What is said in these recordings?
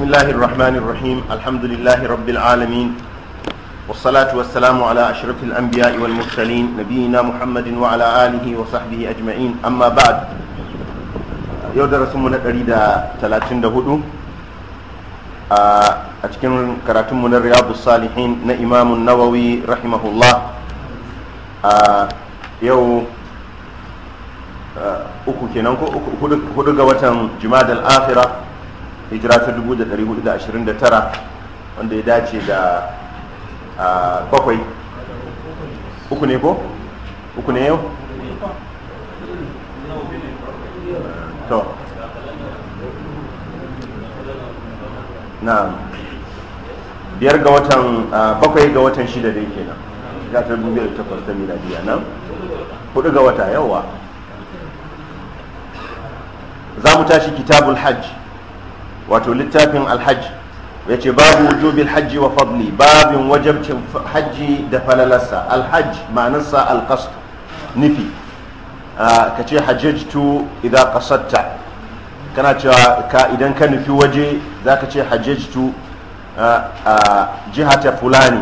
بسم الله الرحمن الرحيم الحمد لله رب العالمين والصلاة والسلام على أشرف الأنبياء والمرسلين نبينا محمد وعلى آله وصحبه أجمعين أما بعد يودر سمنا أريد ثلاثين دهدو أتكلم كراتم من الرياض الصالحين نإمام النووي رحمه الله يو uku kenan ko hudu ga watan jumada al-akhirah hijira ta 1429 wanda ya dace da bakwai uku ne ko uku ne yau to na biyar ga watan bakwai ga watan shida dai kenan ya ta dubu da takwas ta miladiya nan hudu ga wata yawa za mu tashi kitabul hajji. wato littafin alhaji ya ce babu wujubil hajji wa fadli babin wajabcin hajji da falalarsa alhajj ma'anarsa alqasd nufi ah, ka ce hajjajtu idan kasatta kana cewa ka idan ka nufi waje za ka ce hajjajtu ah, ah, jihata fulani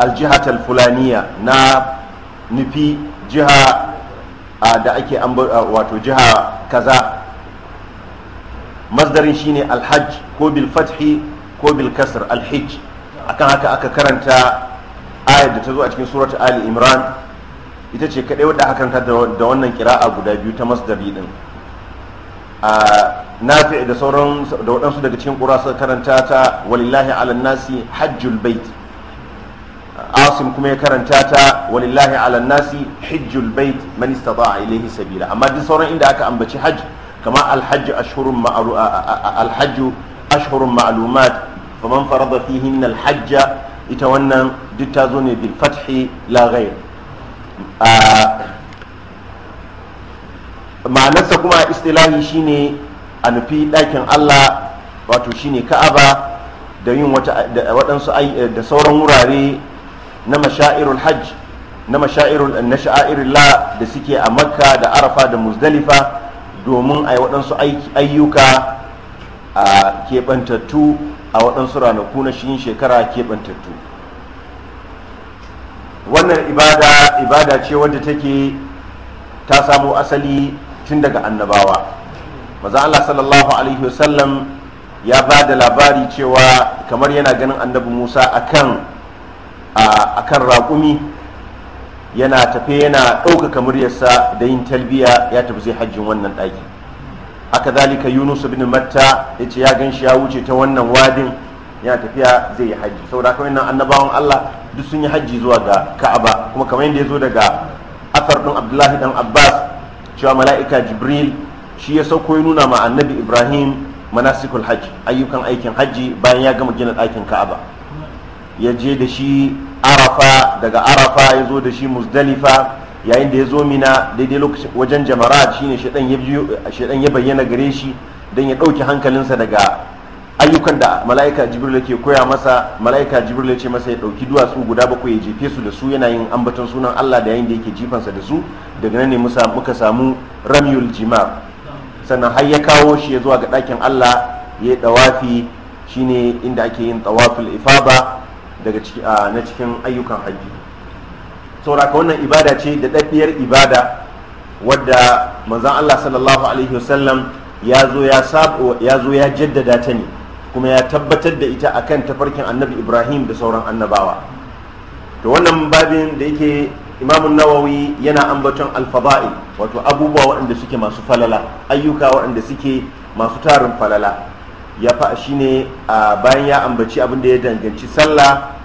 aljihata fulaniya na nufi jiha da ake wato jiha kaza masdarin shine alhajj ko bil fathi ko bil kasr alhajj akan haka aka karanta ayar da ta zo a cikin surat ali imran ita ce kadai wadda aka karanta da wannan kira'a guda biyu ta masdari din a nafi da sauran da waɗansu daga cikin ƙura suka karanta ta walillahi ala nasi hajjul bait asim kuma ya karanta ta walillahi ala nasi hajjul bait man istata'a ilayhi sabila amma duk sauran inda aka ambaci hajj kamar alhaji ashurun ma'ru alhajju ashhurun ma'lumat faman farada fihinna ita wannan duk ta zo ne bil fathi la a ma'anarsa kuma istilahi shine a nufi ɗakin Allah wato shine Ka'aba da yin waɗansu da sauran wurare na mashairul hajji na mashairul na la da suke a makka da arafa da muzdalifa domin a yi waɗansu ayyuka a keɓantattu a waɗansu ranaku na shi shekara keɓantattu wannan ibada ce wadda take ta samu asali tun daga annabawa maza Allah sallallahu alaihi wasallam ya ba da labari cewa kamar yana ganin annabi musa akan akan raƙumi yana tafe yana ɗaukaka muryarsa da yin talbiya ya tafi zai hajjin wannan ɗaki aka zalika yunus bin matta ya ce ya gan shi ya wuce ta wannan wadin yana tafiya zai yi hajji saboda haka wannan annabawan allah duk sun yi hajji zuwa ga ka'aba kuma kamar yadda ya zo daga asar ɗin abdullahi ɗan abbas cewa mala'ika jibril shi ya sauko ya nuna ma annabi ibrahim manasikul hajji ayyukan aikin hajji bayan ya gama gina ɗakin ka'aba ya je da shi arafa daga arafa ya zo da shi muzdalifa yayin da ya zo mina daidai lokacin wajen jamarat shine shaɗan ya bayyana gare shi don ya ɗauki hankalinsa daga ayyukan da mala'ika jibril ke koya masa mala'ika jibril ce masa ya ɗauki duwatsu guda bakwai ya jefe su da su yana yin ambaton sunan allah da yayin da yake jifansa da su daga nan ne muka samu ramiyul jimar sannan har ya kawo shi ya zuwa ga ɗakin allah ya yi ɗawafi shine inda ake yin ɗawafi ifaba daga ah, na cikin ayyukan hajji sauraka wannan ibada ce da daddiyar ibada wadda manzon Allah sallallahu alaihi wasallam ya zo ya sabo ya zo ya jaddada ta ne kuma ya tabbatar da ita a kan tafarkin annabi Ibrahim da sauran annabawa to wannan babin da yake Imam Nawawi yana ambaton alfaba'i wato abubuwa waɗanda suke masu falala ayyuka waɗanda suke masu tarin falala ya fa a bayan ya ambaci abin da ya danganci sallah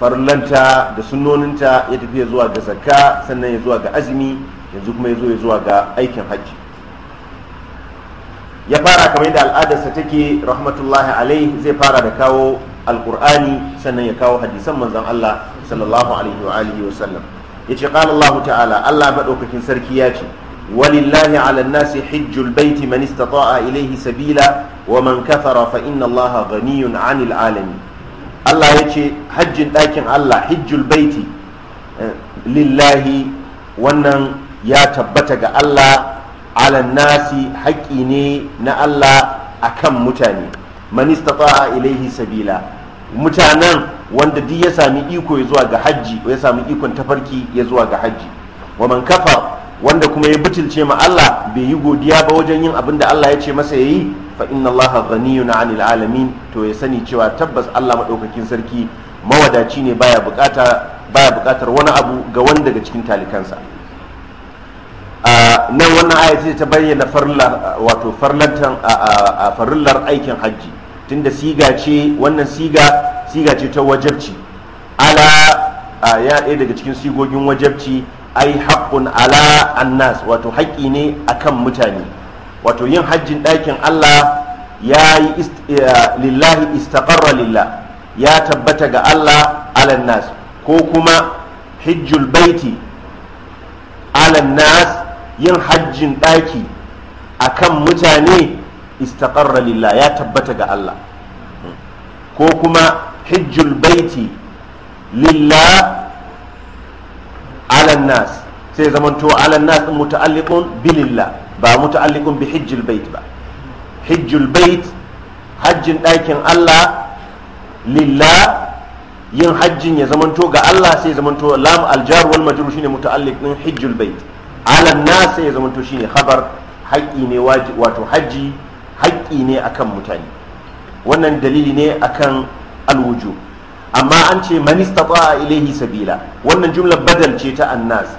farlanta da sunnoninta ya tafi zuwa ga zakka sannan ya zuwa ga azumi yanzu kuma ya zo ya zuwa ga aikin hajji ya fara kamar yadda al'adarsa take rahmatullahi alai zai fara da kawo alkur'ani sannan ya kawo hadisan manzon Allah sallallahu alaihi wa alihi wa sallam yace qala Allah ta'ala Allah maɗaukakin sarki ya ce walillahi 'ala nasi hijjul baiti man istata'a ilaihi sabila wa man kafara fa inna Allah ghaniyun 'anil alamin Allah ya ce hajjin ɗakin Allah hijjul baiti lillahi wannan ya tabbata ga Allah alan nasi haƙƙi ne na Allah akan mutane man a ilaihi sabila mutanen wanda duk ya sami iko ya zuwa ga hajji ya sami ikon tafarki ya zuwa ga hajji wa man kafara wanda kuma ya butulce ma Allah bai yi godiya ba wajen yin abin da Allah ya ce masa ya yi, fa inna Allah ghaniyun 'anil alamin to ya sani cewa tabbas Allah madaukakin sarki mawadaci ne baya bukata baya bukatar wani abu ga wani daga cikin talikansa nan wannan aya ce ta bayyana farlar wato farlantan a farillar aikin hajji tunda siga ce wannan siga siga ce ta wajabci ala ya ɗaya daga cikin sigogin wajabci ai haƙƙun ala annas wato haƙƙi ne akan mutane wato yin hajjin ɗakin Allah ya yi lillahi istaqarra lillah ya tabbata ga Allah ala ko kuma hijjul baiti ala nas yin hajjin ɗaki akan mutane istaqarra lillah ya tabbata ga Allah ko kuma hijjul baiti lillah alan nas sai zamanto alan nas din muta'alliqun bilillah ba muta'alliqun bi hijjil bait ba hijjul bait hajjin ɗakin Allah lillah yin hajjin ya zamanto ga Allah sai zamanto lam aljar wal majrur shine muta'alliq din hijjul bait alan nas sai ya zamanto shine khabar haƙƙi ne wato hajji haƙƙi ne akan mutane wannan dalili ne akan alwujub amma an ce man a ilaihi sabila wannan jumlar badal ce ta annas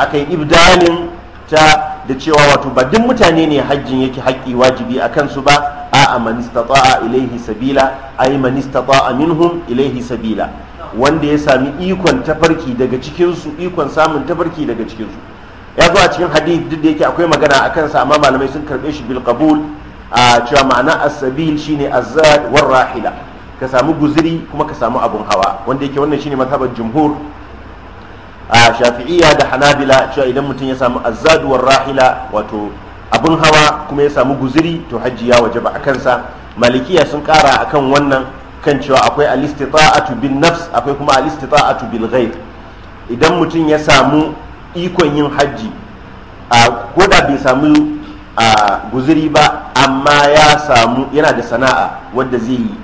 akai ibdalin ta da cewa wato ba duk mutane ne hajjin yake haƙƙi wajibi a kansu ba a'a man a ilaihi sabila manista man a minhum ilaihi sabila wanda ya sami ikon tafarki daga cikinsu, ikon samun tafarki daga cikinsu. ya zo a cikin hadith duk da yake akwai magana a kansa amma malamai sun karɓe shi bil qabul a cewa ma'ana as-sabil shine az-zad war rahila ka samu guziri kuma ka samu abun hawa wanda yake wannan shine mazhabar jumhur a shafi'iyya da hanabila cewa idan mutum ya samu azaduwar rahila wato abun hawa kuma ya samu guziri to hajji ya ba a kansa malikiya sun kara akan wannan kan cewa akwai alistita'atu bin nafs akwai kuma alistita'atu bil ghaib idan mutum ya samu ikon yin hajji a koda bai samu a guziri ba amma ya samu yana da sana'a wanda zai yi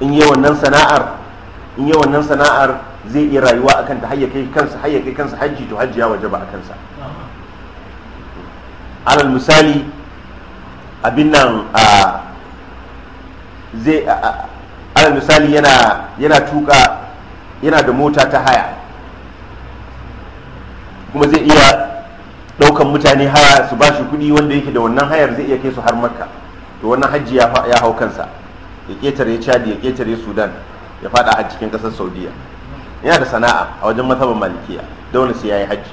in yi wannan sana'ar in yi wannan sana'ar zai iya rayuwa a kanta har kai kansa har kai kansa hajji to hajji ya waje ba a kansa alal misali abin nan a zai alal misali yana yana tuka yana da mota ta haya kuma zai iya daukan mutane haya su ba shi kuɗi wanda yake da wannan hayar zai iya kai su har makka to wannan hajji ya hau kansa ya ketare chad ya ketare sudan ya fada a cikin kasar saudiya yana da sana'a a wajen mazhaban malikiya dole sai yayi hajji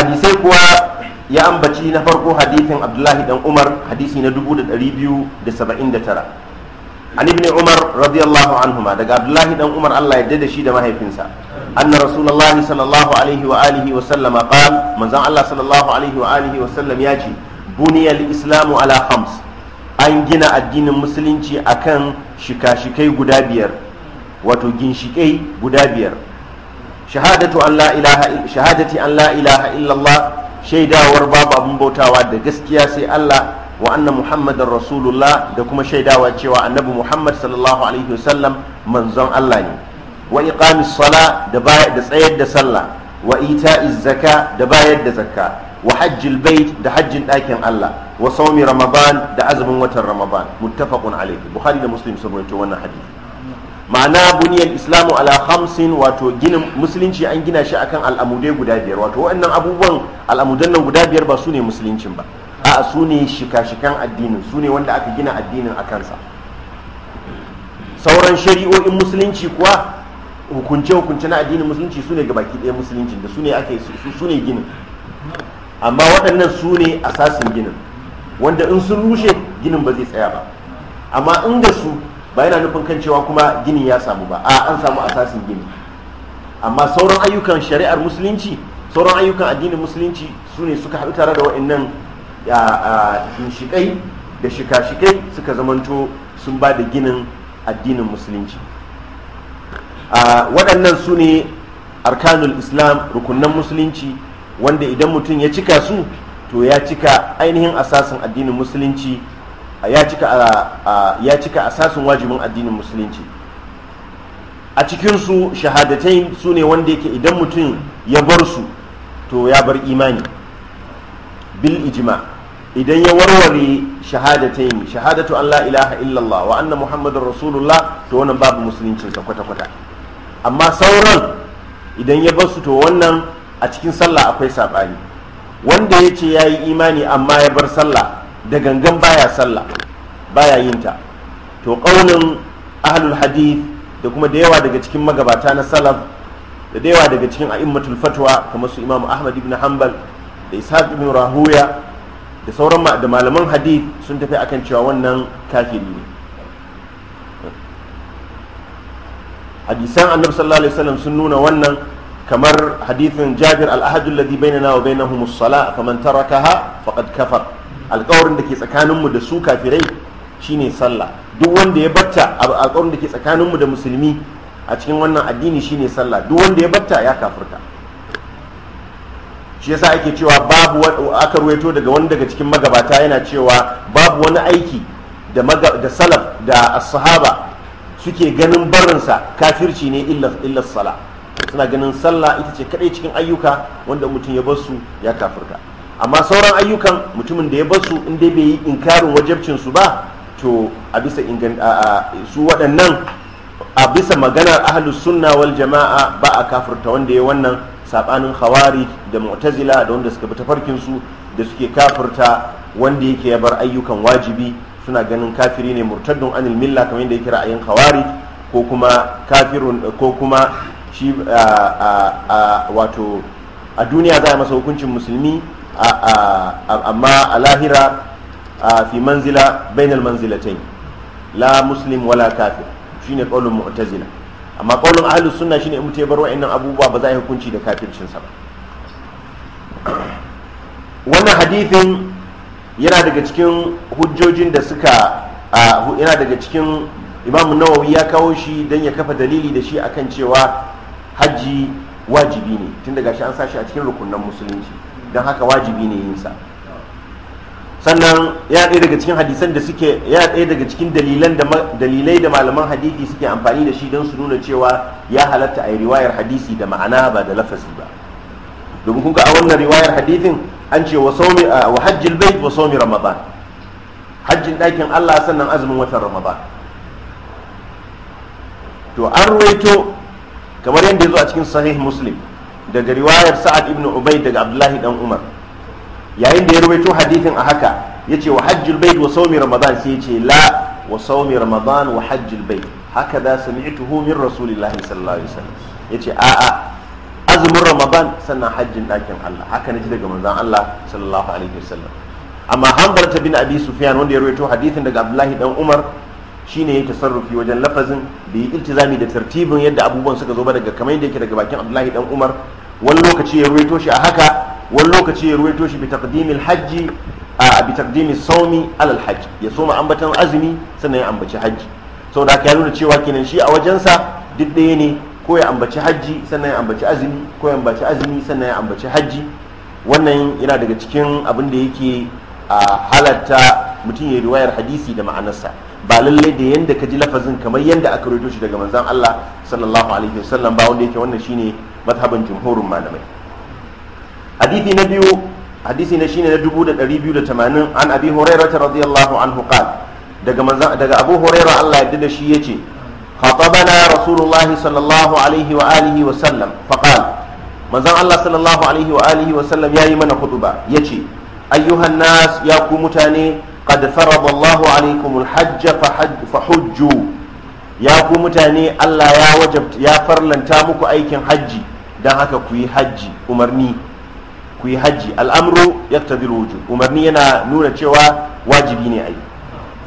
hadisai kuwa ya ambaci na farko hadisin abdullahi dan umar hadisi na 279 an ibn umar radiyallahu anhuma daga abdullahi dan umar allah ya da shi da mahaifinsa anna rasulullahi sallallahu alaihi wa alihi wa sallama qala manzan allah sallallahu alaihi wa alihi wa sallam ya buniyal islamu ala hams an gina addinin musulunci akan shika-shikai guda biyar wato ginshikai guda biyar shahadatu an la shahadati an la ilaha illallah shaidawar babu abin bautawa da gaskiya sai Allah wa anna muhammadar rasulullah da kuma shaidawa cewa annabi muhammad sallallahu alaihi wasallam manzon Allah ne wa iqamis sala da tsayar da sallah wa ita'iz zaka da bayar da zakka wa hajjil bait da hajjin ɗakin Allah wa saumi ramadan da azumin watan ramadan muttafaqun alayhi bukhari da muslim sun rawaito wannan hadisi ma'ana buniyar islamu ala hamsin wato ginin musulunci an gina shi akan al'amudai guda biyar wato waɗannan abubuwan al'amudan nan guda biyar ba su ne musuluncin ba a'a su ne shika-shikan addinin su ne wanda aka gina addinin a kansa sauran shari'o'in musulunci kuwa hukunce-hukunce na addinin musulunci su ne gabaki ɗaya musulunci da su ne ake su ne ginin amma waɗannan su ne asasin ginin wanda in sun rushe ginin ba zai tsaya ba amma in da su ba yana nufin kan cewa kuma ginin ya samu ba a an samu asasin gini amma sauran ayyukan shari'ar musulunci sauran ayyukan addinin musulunci su ne suka haɗu tare da waɗannan shikai da shika-shikai suka zamanto sun ba da ginin addinin musulunci waɗannan su ne arkanul islam rukunan musulunci wanda idan mutum ya cika su to ya cika ainihin asasin addinin musulunci ya cika asasin wajibin addinin musulunci a cikinsu shahadatai su ne wanda yake idan mutum ya bar su to ya bar imani bil ijma idan ya warware shahadatai ne shahadatu an la illallah wa anna muhammadun rasulullah to wannan babu musulunci sa kwata-kwata amma sauran idan ya bar su to wannan a cikin sallah akwai saɓani wanda ya ce ya yi imani amma ya bar sallah da gangan baya sallah baya yin ta to ƙaunin ahlul hadith da kuma da yawa daga cikin magabata na salaf da da yawa daga cikin a'immatul fatwa kamar su imam ahmad ibn hanbal da ishaq ibn rahuya da sauran da malaman hadith sun tafi akan cewa wannan kafiri ne hadisan annabi sallallahu alaihi wasallam sun nuna wannan kamar hadithin jabir al'ahadu alladhi bainana wa bainahum as-sala faman tarakaha faqad kafar alƙawarin da ke tsakaninmu da su kafirai shine sallah duk wanda ya batta alƙawarin da ke tsakaninmu da musulmi a cikin wannan addini shine sallah duk wanda ya batta ya kafirta shi yasa ake cewa babu aka ruwaito daga wani daga cikin magabata yana cewa babu wani aiki da da salaf da as-sahaba suke ganin barinsa kafirci ne illa illa salah suna ganin sallah ita ce kadai cikin ayyuka wanda mutum ya bar ya kafirta amma sauran ayyukan mutumin da ya bar su in dai bai yi inkarin wajabcin su ba to a bisa su waɗannan a bisa maganar ahlus sunna wal jama'a ba a kafirta wanda ya wannan saɓanin khawari da mu'tazila da wanda suka bi tafarkin su da suke kafirta wanda yake ya bar ayyukan wajibi suna ganin kafiri ne murtaddun anil milla kamar yadda yake ra'ayin khawari ko kuma kafirun ko kuma shi uh, uh, uh, a duniya za a masa hukuncin musulmi amma a lahira fi manzila bainal manzilatain la muslim wala kafir shine qaulun mu'tazila amma qaulun ahli sunna shine in mutum ya bar wa'annan abubuwa ba za a yi hukunci da kafircin sa ba wannan hadithin yana daga cikin hujjojin da suka yana daga cikin imam nawawi ya kawo shi don ya kafa dalili da shi akan cewa hajji wajibi ne tun daga shi an sashi a cikin rukunan musulunci don haka wajibi ne sa sannan ya ɗaya daga cikin hadisan da suke ya ɗaya daga cikin dalilai da malaman hadisi suke amfani da shi don su nuna cewa ya halatta a yi riwayar hadisi da ma'ana ba da lafazi ba domin kuka a wannan riwayar hadisin an ce wa wa hajjil bai wa saumi ramadan hajjin ɗakin Allah sannan azumin watan ramadan to an ruwaito kamar yadda ya zo a cikin sahih muslim daga riwayar sa'ad ibn ubay daga abdullahi dan umar yayin da ya rubaito hadithin a haka ya ce wa hajjul bait wa saumi ramadan sai ya ce la wa saumi ramadan wa hajjul bait haka da sami'tuhu min rasulillahi sallallahu alaihi wasallam ya ce a'a azumin ramadan sannan hajjin dakin allah haka na ji daga manzon allah sallallahu alaihi wasallam amma hanbal bin abi sufyan wanda ya rubaito hadithin daga abdullahi dan umar shine yake sarrafi wajen lafazin da yi iltizami da tartibin yadda abubuwan suka zo ba daga kamar yadda yake daga bakin Abdullahi dan Umar wani lokaci ya ruwaito shi a haka wani lokaci ya ruwaito shi bi taqdimil hajji a bi taqdimil sawmi alal hajji ya soma ambatan azumi sannan ya ambaci hajji saboda haka ya nuna cewa kenan shi a wajensa duk ɗaya ne ko ya ambaci hajji sannan ya ambaci azumi ko ya ambaci azumi sannan ya ambaci hajji wannan yana daga cikin abin da yake a halatta mutum ya riwayar hadisi da ma'anarsa ba lalle da yanda ka ji lafazin kamar yanda aka rubuto shi daga manzan Allah sallallahu alaihi wasallam ba wanda yake wannan shine madhaban jumhurin malamai hadisi na biyu hadisi na shine na 2280 an abi hurairah radiyallahu anhu qala daga manzon daga abu hurairah Allah ya yarda shi yace خطبنا رسول الله صلى الله عليه وآله وسلم فقال manzon Allah sallallahu alaihi wa alihi wa sallam yayi mana khutba yace ayyuhan nas ya ku mutane qad farada Allahu alaikum alhajj fahujju ya ku mutane Allah ya farlanta muku aikin hajji dan haka ku hajji umarni ku yi hajji al'amru yaqtadi umarni yana nuna cewa wajibi ne ai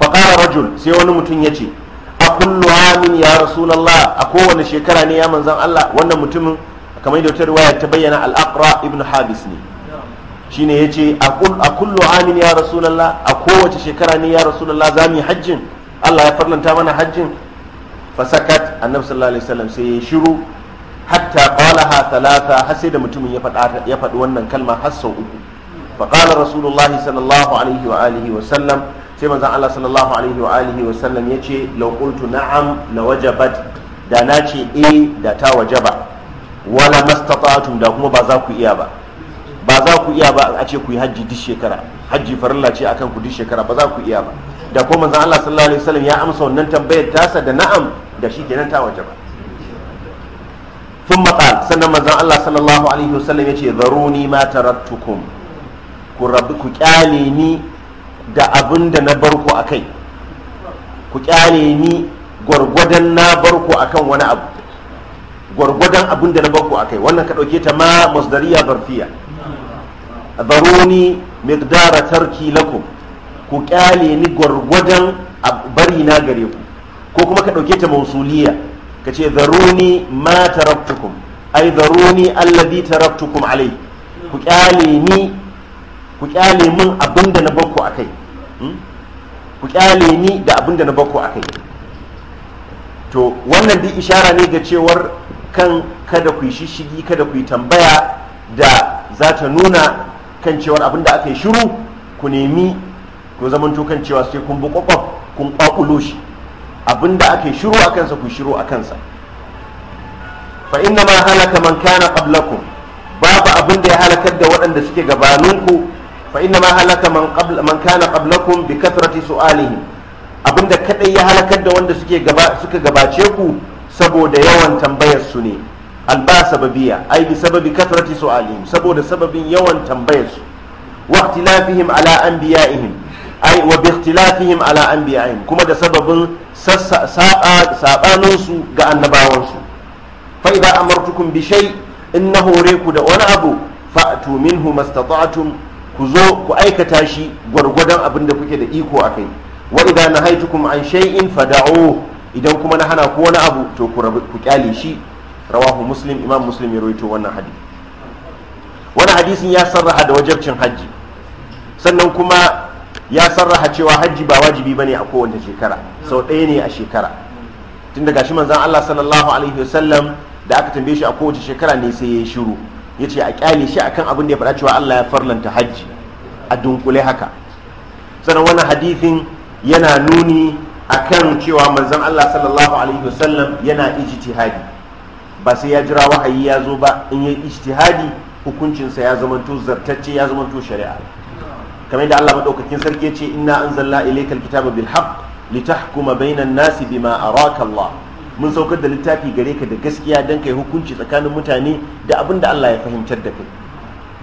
fa qala rajul sai wani mutum yace a kullu amin ya rasulullah a kowane shekara ne ya manzon Allah wannan mutumin kamar da wata riwaya ta bayyana al-aqra ibn habis ne shine ya ce a kullu amin ya rasulallah a kowace shekara ne ya rasulallah za mu yi hajjin allah ya farlanta mana hajjin fasakat annabi sallallahu alaihi wasallam sai ya shiru hatta qalaha thalatha har sai da mutumin ya faɗa ya faɗi wannan kalma har sau uku fa qala rasulullah sallallahu alaihi wa alihi wa sallam sai manzon allah sallallahu alaihi wa alihi wa sallam yace law qultu na'am la wajabat da na ce eh da ta wajaba wala mastata'tum da kuma ba za ku iya ba ba za ku iya ba a ce ku yi hajji duk shekara hajji farilla ce akan ku duk shekara ba za ku iya ba da ko manzon Allah sallallahu alaihi wasallam ya amsa wannan tambayar tasa da na'am da shi kenan ta waje ba thumma qala sannan manzon Allah sallallahu alaihi wasallam yace zaruni ma tarattukum ku rabu ku kyale ni da abin da na bar ku akai ku kyale ni gwargwadon na bar ku akan wani abu gwargwadon abin da na bar ku akai wannan ka dauke ta ma masdariya barfiya zaruni miqdara tarki lakum ku kyale ni gwargwadon bari na gare ku ko kuma ka ɗauke ta mausuliya ka ce zaruni ma taraktukum ai zaruni alladhi taraktukum alai ku kyale ni ku kyale min abinda na bakku akai hmm? ku kyale ni da abinda na bakku akai to wannan duk ishara ne ga cewar kan kada ku yi shishigi kada ku yi tambaya da za ta nuna kan cewar abin da aka yi shiru ku nemi ku zamanto kan cewa sai kun bi kwakwaf kun kwakulo shi abin da aka yi shiru a kansa ku shiru a kansa fa inna ma halaka man kana qablakum babu abin da ya halakar da waɗanda suke gabaninku fa inna ma halaka man qabla man kana qablakum bi kathrati su'alihim abinda kadai ya halakar da wanda suke gaba suka gabace ku saboda yawan tambayar su ne alba sababiya ai bi sababi kathrati su'alihim saboda sababin yawan tambayar su wa ikhtilafihim ala anbiya'ihim ai wa bi ikhtilafihim ala anbiya'ihim kuma da sababin sabanin su ga annabawan su fa idza amartukum bi shay in na hore ku da wani abu fa'tu minhu mastata'tum ku zo ku aikata shi gwargwadon abin da kuke da iko akai wa idza nahaytukum an shay'in fadawo idan kuma na hana ku wani abu to ku kyale shi rawahu muslim imam muslim ya rawaito wannan hadisi wannan hadisin ya sarraha da wajabcin hajji sannan kuma ya sarraha cewa hajji ba wajibi bane a kowace shekara sau ɗaya ne a shekara tun daga shi manzon Allah sallallahu alaihi wasallam da aka tambaye shi a kowace shekara ne sai ya shiru ya ce a kyale shi akan abin da ya faɗa cewa Allah ya farlanta hajji a dunkule haka sannan wannan hadisin yana nuni akan cewa manzon Allah sallallahu alaihi wasallam yana ijtihadi ba sai ya jira wahayi ya zo ba in yi ijtihadi hukuncinsa ya zamanto zartacce ya zamanto shari'a kamar yadda Allah madaukakin sarki ya ce inna anzalna ilayka bilhab bil haqq litahkuma bainan nasi bima araka Allah mun saukar da littafi gare ka da gaskiya dan kai hukunci tsakanin mutane da abin da Allah ya fahimtar da kai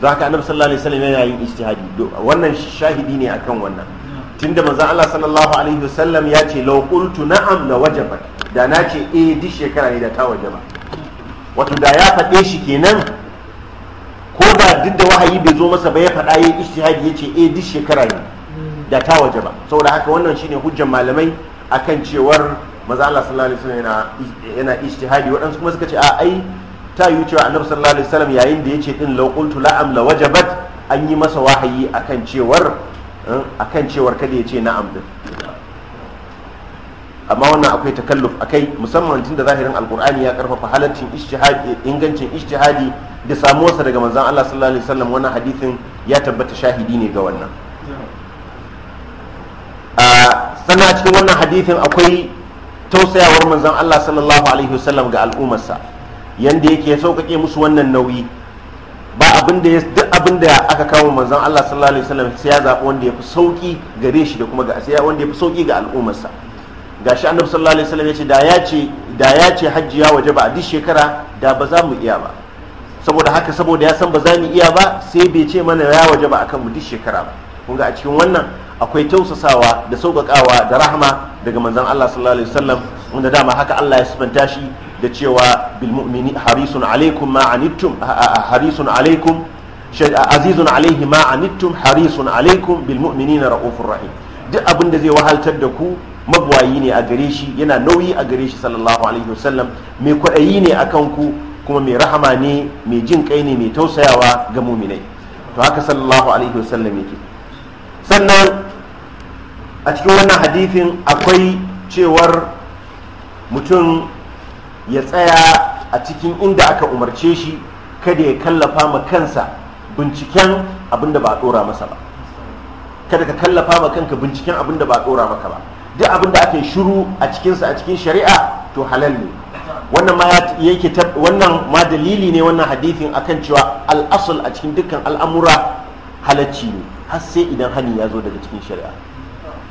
za ka annabi sallallahu alaihi wasallam yana yin ijtihadi wannan shahidi ne akan wannan tunda manzon Allah sallallahu alaihi wasallam ya ce law qultu na'am la wajabat da na ce eh duk shekara ne da ta wajaba wato da ya faɗe shi kenan ko ba duk da wahayi bai zo masa ba ya faɗa ya ishtihadi ya ce eh duk shekara ne da ta waje ba saboda haka wannan shine hujjan malamai akan cewar maza Allah sallallahu alaihi wasallam yana ishtihadi waɗansu kuma suka ce a ai ta yi cewa annabi sallallahu alaihi wasallam yayin da yace din law la'am la la wajabat an yi masa wahayi akan cewar eh, akan cewar kada ya ce na'am din amma wannan akwai takalluf akai musamman tunda zahirin alqur'ani ya karfafa halaccin ijtihadi ingancin ishtihadi da samuwarsa daga manzon Allah sallallahu alaihi wasallam wannan hadisin ya tabbata shahidi ne ga wannan a sannan cikin wannan hadisin akwai tausayawar manzon Allah sallallahu alaihi wasallam ga al'ummarsa yanda yake ya sauƙaƙe musu wannan nauyi ba abin da duk abin da aka kawo manzon Allah sallallahu alaihi wasallam sai ya zaɓi wanda ya fi sauƙi gare shi da kuma ga sai wanda ya fi sauƙi ga al'ummarsa gashi annabi sallallahu alaihi wasallam yace da ya ce da ya ce hajji ya waje ba a duk shekara da ba za mu iya ba saboda haka saboda ya san ba za mu iya ba sai bai ce mana ya waje ba akan mu duk shekara ba kun ga a cikin wannan akwai tausasawa da sauƙaƙawa da rahama daga manzon Allah sallallahu alaihi wasallam wanda dama haka Allah ya sabanta shi da cewa bil mu'mini harisun alaikum ma anittum harisun alaikum azizun alaihi ma anittum harisun alaikum bil mu'minina raufur rahim duk abin da zai wahaltar da ku magwayi ne a gare shi yana nauyi a gare shi sallallahu alaihi wasallam mai kwaɗayi ne a ku kuma mai rahama ne mai jin kai ne mai tausayawa ga muminai to haka sallallahu alaihi wasallam yake sannan a cikin wannan hadithin akwai cewar mutum ya tsaya a cikin inda aka umarce shi kada ya kallafa ma kansa binciken abin da ba a ɗora masa ba kada ka kallafa ma kanka binciken abin da ba a ɗora maka ba duk abin da aka yi shuru a cikinsa a cikin shari'a to halal ne wannan ma yake wannan ma dalili ne wannan hadithin akan cewa al'asul a cikin dukkan al'amura halacci ne har sai idan hani ya zo daga cikin shari'a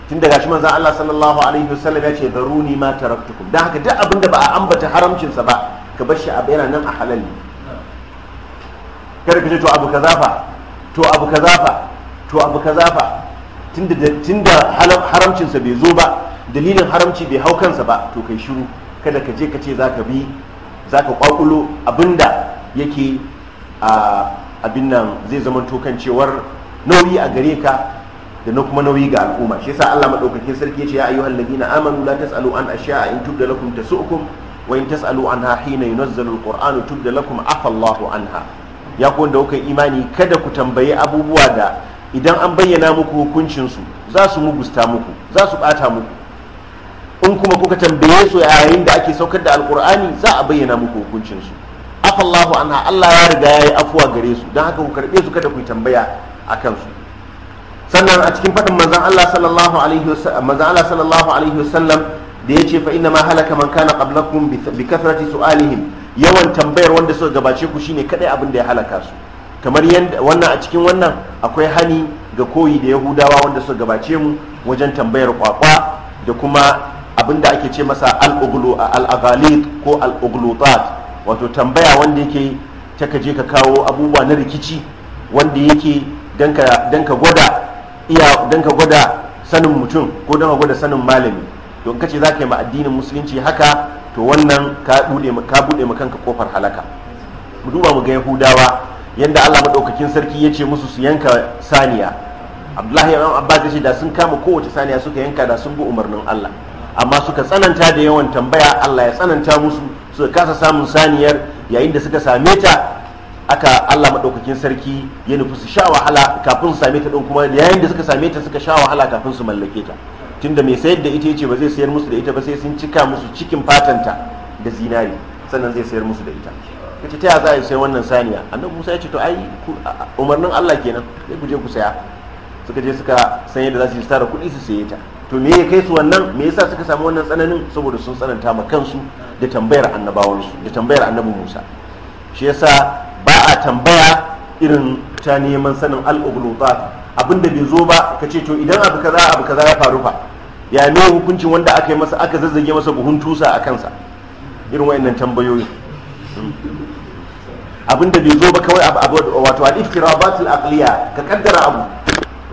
tun daga shi manzan Allah sallallahu alaihi wasallam ya ce daruni ma taraktukum dan haka duk abin da ba a ambata haramcinsa ba ka bar shi a yana nan a halal ne kada ka ce to abu kaza fa to abu kaza fa to abu kaza fa da haramcinsa bai zo ba dalilin haramci bai hau kansa ba to kai shiru kada ka je ka ce za ka bi za ka kwakulo abinda yake a abin nan zai zama tokan cewar nauyi a gare ka da na kuma nauyi ga al'umma shi yasa Allah madaukake sarki ya ce ya ayyuhal ladina amanu la tasalu an ashya'a in tubda lakum tasu'ukum wa in tasalu anha hina yunazzalu alqur'anu tubda lakum afa Allahu anha ya ku wanda kuka imani kada ku tambayi abubuwa da idan an bayyana muku hukuncinsu za su mugusta muku za su bata muku in kuma kuka tambaye su yayin da ake saukar da alkur'ani za a bayyana muku hukuncinsu afallahu anha allah ya riga ya yi afuwa gare su don haka ku karɓe su kada ku tambaya a kansu sannan a cikin faɗin manzan allah sallallahu alaihi wasallam manzan allah sallallahu alaihi wasallam da ya ce fa inna ma halaka man kana qablakum bi kathrati su'alihim yawan tambayar wanda suka gabace ku shine kadai abin da ya halaka su kamar yadda wannan a cikin wannan akwai hani ga koyi da yahudawa wanda suka gabace mu wajen tambayar kwakwa da kuma abin da ake ce masa al al'agalit ko al wato tambaya wanda yake ta ka kawo abubuwa na rikici wanda yake don ka gwada sanin mutum ko don ka gwada sanin malami don kace za ka yi ma addinin musulunci haka to wannan ka bude ma kanka kofar halaka mu duba mu ga yahudawa Yadda Allah maɗaukakin sarki ya ce musu su yanka saniya Abdullahi ya Abbas ya ce da sun kama kowace saniya suka yanka da sun bi umarnin Allah amma suka tsananta da yawan tambaya Allah ya tsananta musu suka kasa samun saniyar yayin da suka same ta aka Allah maɗaukakin sarki ya nufi su sha wahala kafin su same ta ɗin kuma yayin da suka same ta suka sha wahala kafin su mallake ta tunda mai sayar da ita ce ba zai sayar musu da ita ba sai sun cika musu cikin fatanta da zinari sannan zai sayar musu da ita kace ta za a sai wannan saniya annabi Musa ya ce to ai umarnin Allah kenan sai ku ku saya suka je suka san yadda za su yi tara kuɗi su saye ta to me ya kai su wannan me yasa suka samu wannan tsananin saboda sun tsananta ma kansu da tambayar annabawansu da tambayar annabi Musa shi yasa ba a tambaya irin ta neman sanin al abin abinda bai zo ba ka ce to idan abu kaza abu kaza ya faru fa ya ne hukuncin wanda aka yi masa aka zazzage masa buhun tusa a kansa irin wayannan tambayoyin. abinda bai zo ba kawai abu wato al-iftirabat al-aqliya ka kaddara abu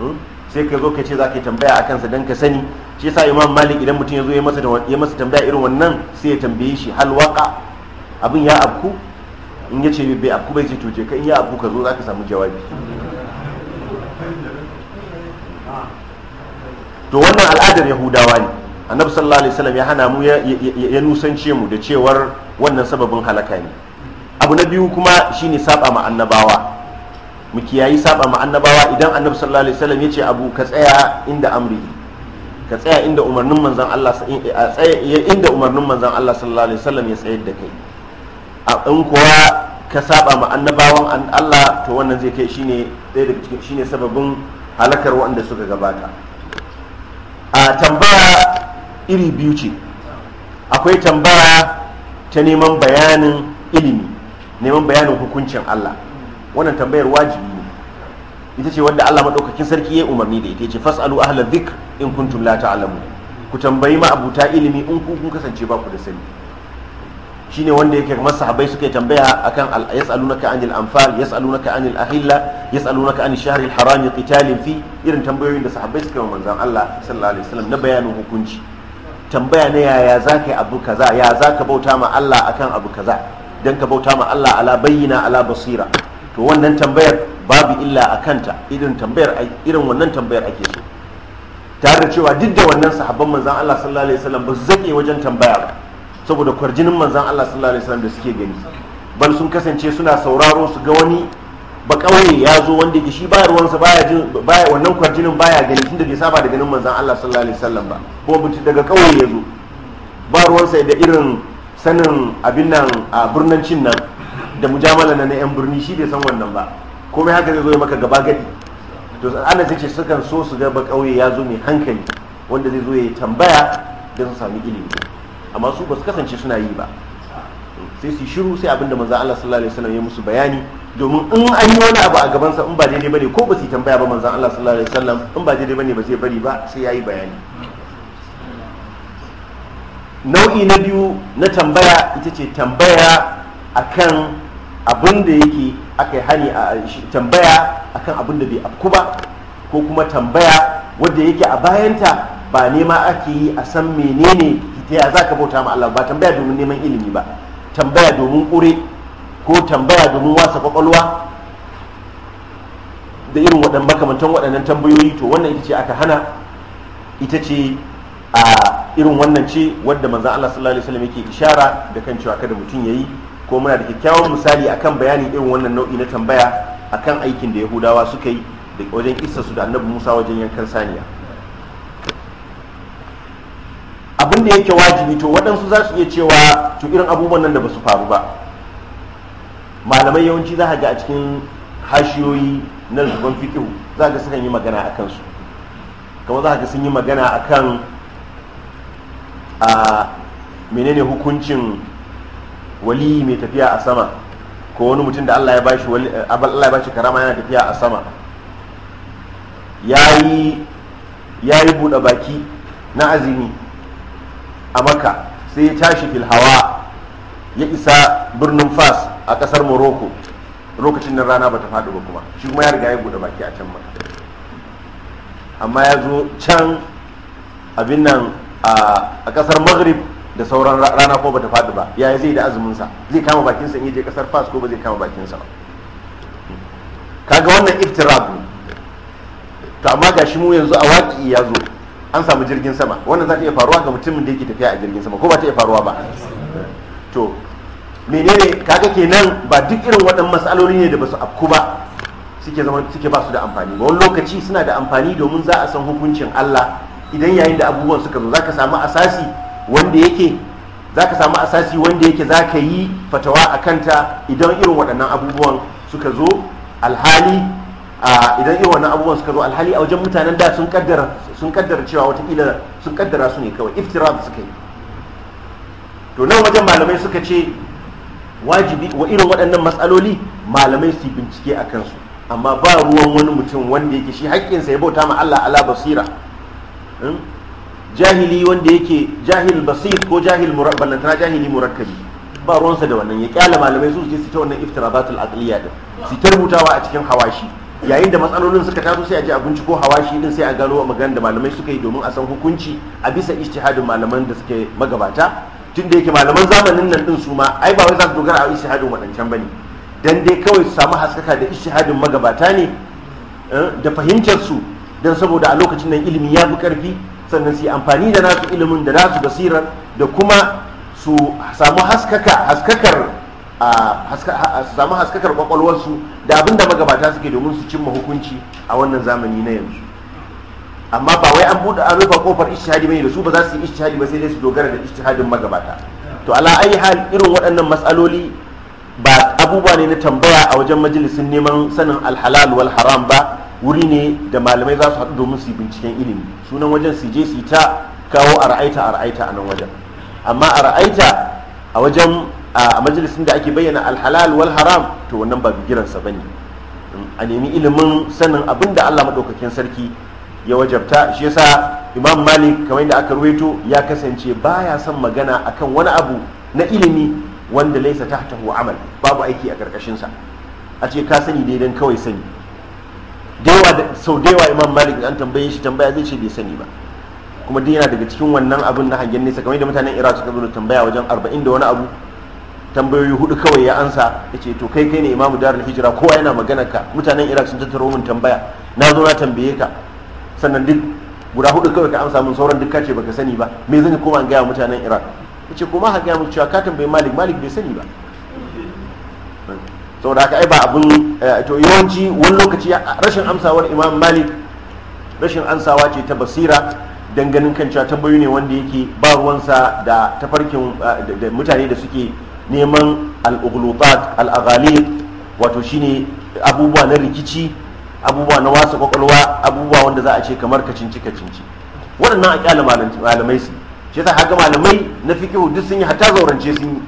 hmm? sai ka zo ka ce zaka tambaya akan sa dan ka sani shi yasa imam malik idan mutum ya zo ya masa ya masa tambaya irin wannan sai ya tambaye shi hal waqa abin ya abku in ya ce bai abku bai ce to je ka in ya abku ka zo zaka samu jawabi to wannan al'adar yahudawa ne annabi sallallahu alaihi wasallam ya hana mu ya nusance mu da cewar wannan sababin halaka ne abu na biyu kuma shine saba ma annabawa mu kiyayi saba ma annabawa idan annabi sallallahu alaihi wasallam yace abu ka tsaya inda amri ka tsaya inda umarnin manzon Allah eh, a tsaya inda umarnin manzon Allah sallallahu alaihi wasallam ya tsayar da kai a in kuwa ka saba ma annabawan Allah to wannan zai kai shine ɗaya daga cikin shine sababin halakar waɗanda suka gabata a tambaya iri biyu ce akwai tambaya ta neman bayanin ilimi neman bayanin hukuncin Allah wannan tambayar wajibi ne ita ce wadda Allah madaukakin sarki ya umarni da ita ce fasalu ahla dhikr in kuntum la ta'lamu ku tambayi ma abuta ilimi in ku kun kasance ba ku da sani shine wanda yake kamar sahabbai suka yi tambaya akan yas'alunaka anil anfal yas'alunaka anil ahilla yas'alunaka anil shahri al qitalin fi irin tambayoyin da sahabbai suka yi manzon Allah sallallahu alaihi wasallam na bayanin hukunci tambaya na yaya zaka yi abu kaza ya zaka bauta ma Allah akan abu kaza don ka bauta ma Allah ala bayyana ala basira to wannan tambayar babu illa a kanta irin tambayar irin wannan tambayar ake so tare da cewa duk da wannan sahabban manzan Allah sallallahu alaihi wasallam ba su zake wajen tambaya ba saboda kwarjinin manzan Allah sallallahu alaihi wasallam da suke gani bal sun kasance suna sauraro su ga wani ba kauye ya zo wanda ke shi baya ruwansa baya jin baya wannan kwarjinin baya gani tunda bai saba da ganin manzan Allah sallallahu alaihi wasallam ba ko mutum daga kauye ya zo ba ruwansa da irin sanin abin nan a birnin cin nan da mujamala na yan birni shi bai san wannan ba komai haka zai zo maka gaba gadi to Allah zai ce sukan so su ga ba kauye ya zo mai hankali wanda zai zo ya tambaya da su sami ilimi amma su ba su kasance suna yi ba sai su shiru sai abinda manzo Allah sallallahu alaihi wasallam ya musu bayani domin in an yi wani abu a gabansa in ba daidai bane ko ba su tambaya ba manzo Allah sallallahu alaihi wasallam in ba daidai bane ba zai bari ba sai yayi bayani nau'i na biyu na tambaya ita ce tambaya akan abin da yake aka yi hani a tambaya akan abin da bai afku ba ko kuma tambaya wadda yake a bayanta ba nema ake yi a san menene ta ya za ka bauta ma Allah ba tambaya domin neman ilimi ba tambaya domin ƙure ko tambaya domin wasa kwakwalwa da irin waɗannan makamantan waɗannan tambayoyi to wannan ita ce aka hana ita ce a irin wannan ce wadda manzan Allah sallallahu alaihi wasallam yake ishara da kan cewa kada mutum yayi ko muna da kyakkyawan misali akan bayanin irin wannan nau'i na tambaya akan aikin da Yahudawa suka yi da wajen kissa su da Annabi Musa wajen yankan saniya abin da yake wajibi to waɗansu za su iya cewa to irin abubuwan nan da ba su faru ba malamai yawanci za ga a cikin hashiyoyi na zuban fikihu za ga sukan yi magana akan su kamar za ga sun yi magana akan a menene hukuncin wali mai tafiya a sama ko wani mutum da Allah ya bashi eh, Allah ya bashi karama yana tafiya a sama yayi yayi bude baki na azimi a Makka sai ya tashi fil hawa ya isa birnin Fas a kasar Morocco lokacin nan rana bata faɗi ba kuma shi kuma ya riga ya bude baki a can ma, amma ya zo can abin nan a kasar maghrib da sauran rana ko bata faɗi ba yaya zai da azumin sa zai kama bakin sa in je kasar fas ko ba zai kama bakin sa ba kaga wannan iftirad ne to amma gashi mu yanzu a waki ya zo an samu jirgin sama wannan za ta iya faruwa ga mutumin da yake tafiya a jirgin sama ko ba ta iya faruwa ba to menene kaga kenan ba duk irin waɗannan matsaloli ne da ba su afku ba suke zama suke ba su da amfani ba wani lokaci suna da amfani domin za a san hukuncin Allah idan yayin da abubuwan suka zo zaka samu asasi wanda yake zaka samu asasi wanda yake zaka yi fatawa a kanta idan irin waɗannan abubuwan suka zo alhali idan irin waɗannan abubuwan suka zo alhali a wajen mutanen da sun kaddara sun kaddara cewa watakila sun kaddara su ne kawai iftirad suka yi to nan wajen malamai suka ce wajibi wa irin waɗannan matsaloli malamai su bincike a kansu amma ba ruwan wani mutum wanda yake shi haƙƙinsa ya bauta ma Allah ala basira Hmm? jahili wanda yake jahil basir ko jahil ballantana jahili murakkabi ba ruwansa da wannan ya kyala malamai su je su ta wannan iftirabatul aqliya din su ta rubutawa a cikin hawashi yayin da matsalolin suka taso sai a je a binciko hawashi din sai a gano magana da malamai suka yi domin a san hukunci a bisa ijtihadin malaman da suke magabata tun da yake malaman zamanin nan din su ma ai ba wai za su dogara a ijtihadin wadancan bane dan dai kawai su samu haskaka da ijtihadin magabata ne hmm, da fahimtar su don saboda a lokacin nan ilimi ya fi karfi sannan su yi amfani da nasu ilimin da nasu basirar da kuma su samu haskaka haskakar samu haskakar kwakwalwarsu da abin da magabata suke domin su cimma hukunci a wannan zamani na yanzu amma ba wai an buɗe an rufe kofar ishtihadi bane da su ba za su yi ishtihadi ba sai dai su dogara da ishtihadin magabata to ala ayi hal irin waɗannan matsaloli ba abubuwa ne na tambaya a wajen majalisin neman sanin alhalal wal haram ba wuri ne da malamai za su haɗu domin su yi binciken ilimi sunan wajen su je su ta kawo a ra'aita a ra'aita a nan wajen amma a ra'aita a wajen a majalisin da ake bayyana alhalal wal haram to wannan ba giransa ba ne a nemi ilimin sanin abin da allah maɗaukakin sarki ya wajabta shi yasa imam malik kamar yadda aka ruwaito ya kasance baya son magana akan wani abu na ilimi wanda laisa tahtahu amal babu aiki a karkashinsa a ce ka sani daidan kawai sani sau da yawa imam malik an tambaye shi tambaya zai ce bai sani ba kuma dai yana daga cikin wannan abin na hangen nesa kamar da mutanen iraq suka zo tambaya wajen arba'in da wani abu tambayoyi hudu kawai ya ansa ya ce to kai kai ne imamu darul hijira kowa yana magana ka mutanen iraq sun tattaro min tambaya na zo na tambaye ka sannan duk guda hudu kawai ka amsa min sauran duk ka ce baka sani ba me zan koma gaya mutanen iraq ya ce kuma ha ya muku cewa ka tambayi malik malik bai sani ba saboda haka ai ba abin eh, to yawanci wani lokaci rashin amsawar imam malik rashin ansawa ce ta basira ganin kan cewa tambayoyi ne wanda yake ba ruwansa da tafarkin eh, da mutane da suke neman al-ughlutat al-aghali wato abubuwa na rikici abubuwa na wasa kwakwalwa abubuwa wanda za a ce kamar kacici-kacici waɗannan a kyala malamai su ce ta haka malamai na fikihu duk sun yi hatta zaurance sun yi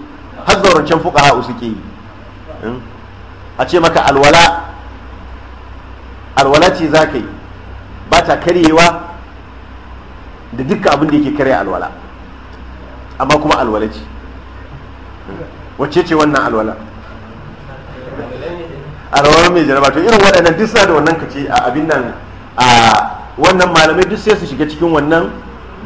har zaurancen ha'u suke yi hmm? a ce maka alwala alwala ce za ka yi ba ta karyewa da dukkan abin da yake karya alwala amma kuma alwala ce wacce ce wannan alwala alwala mai jaraba to irin waɗannan duk suna da wannan kace a abin nan a wannan malamai duk sai su shiga cikin wannan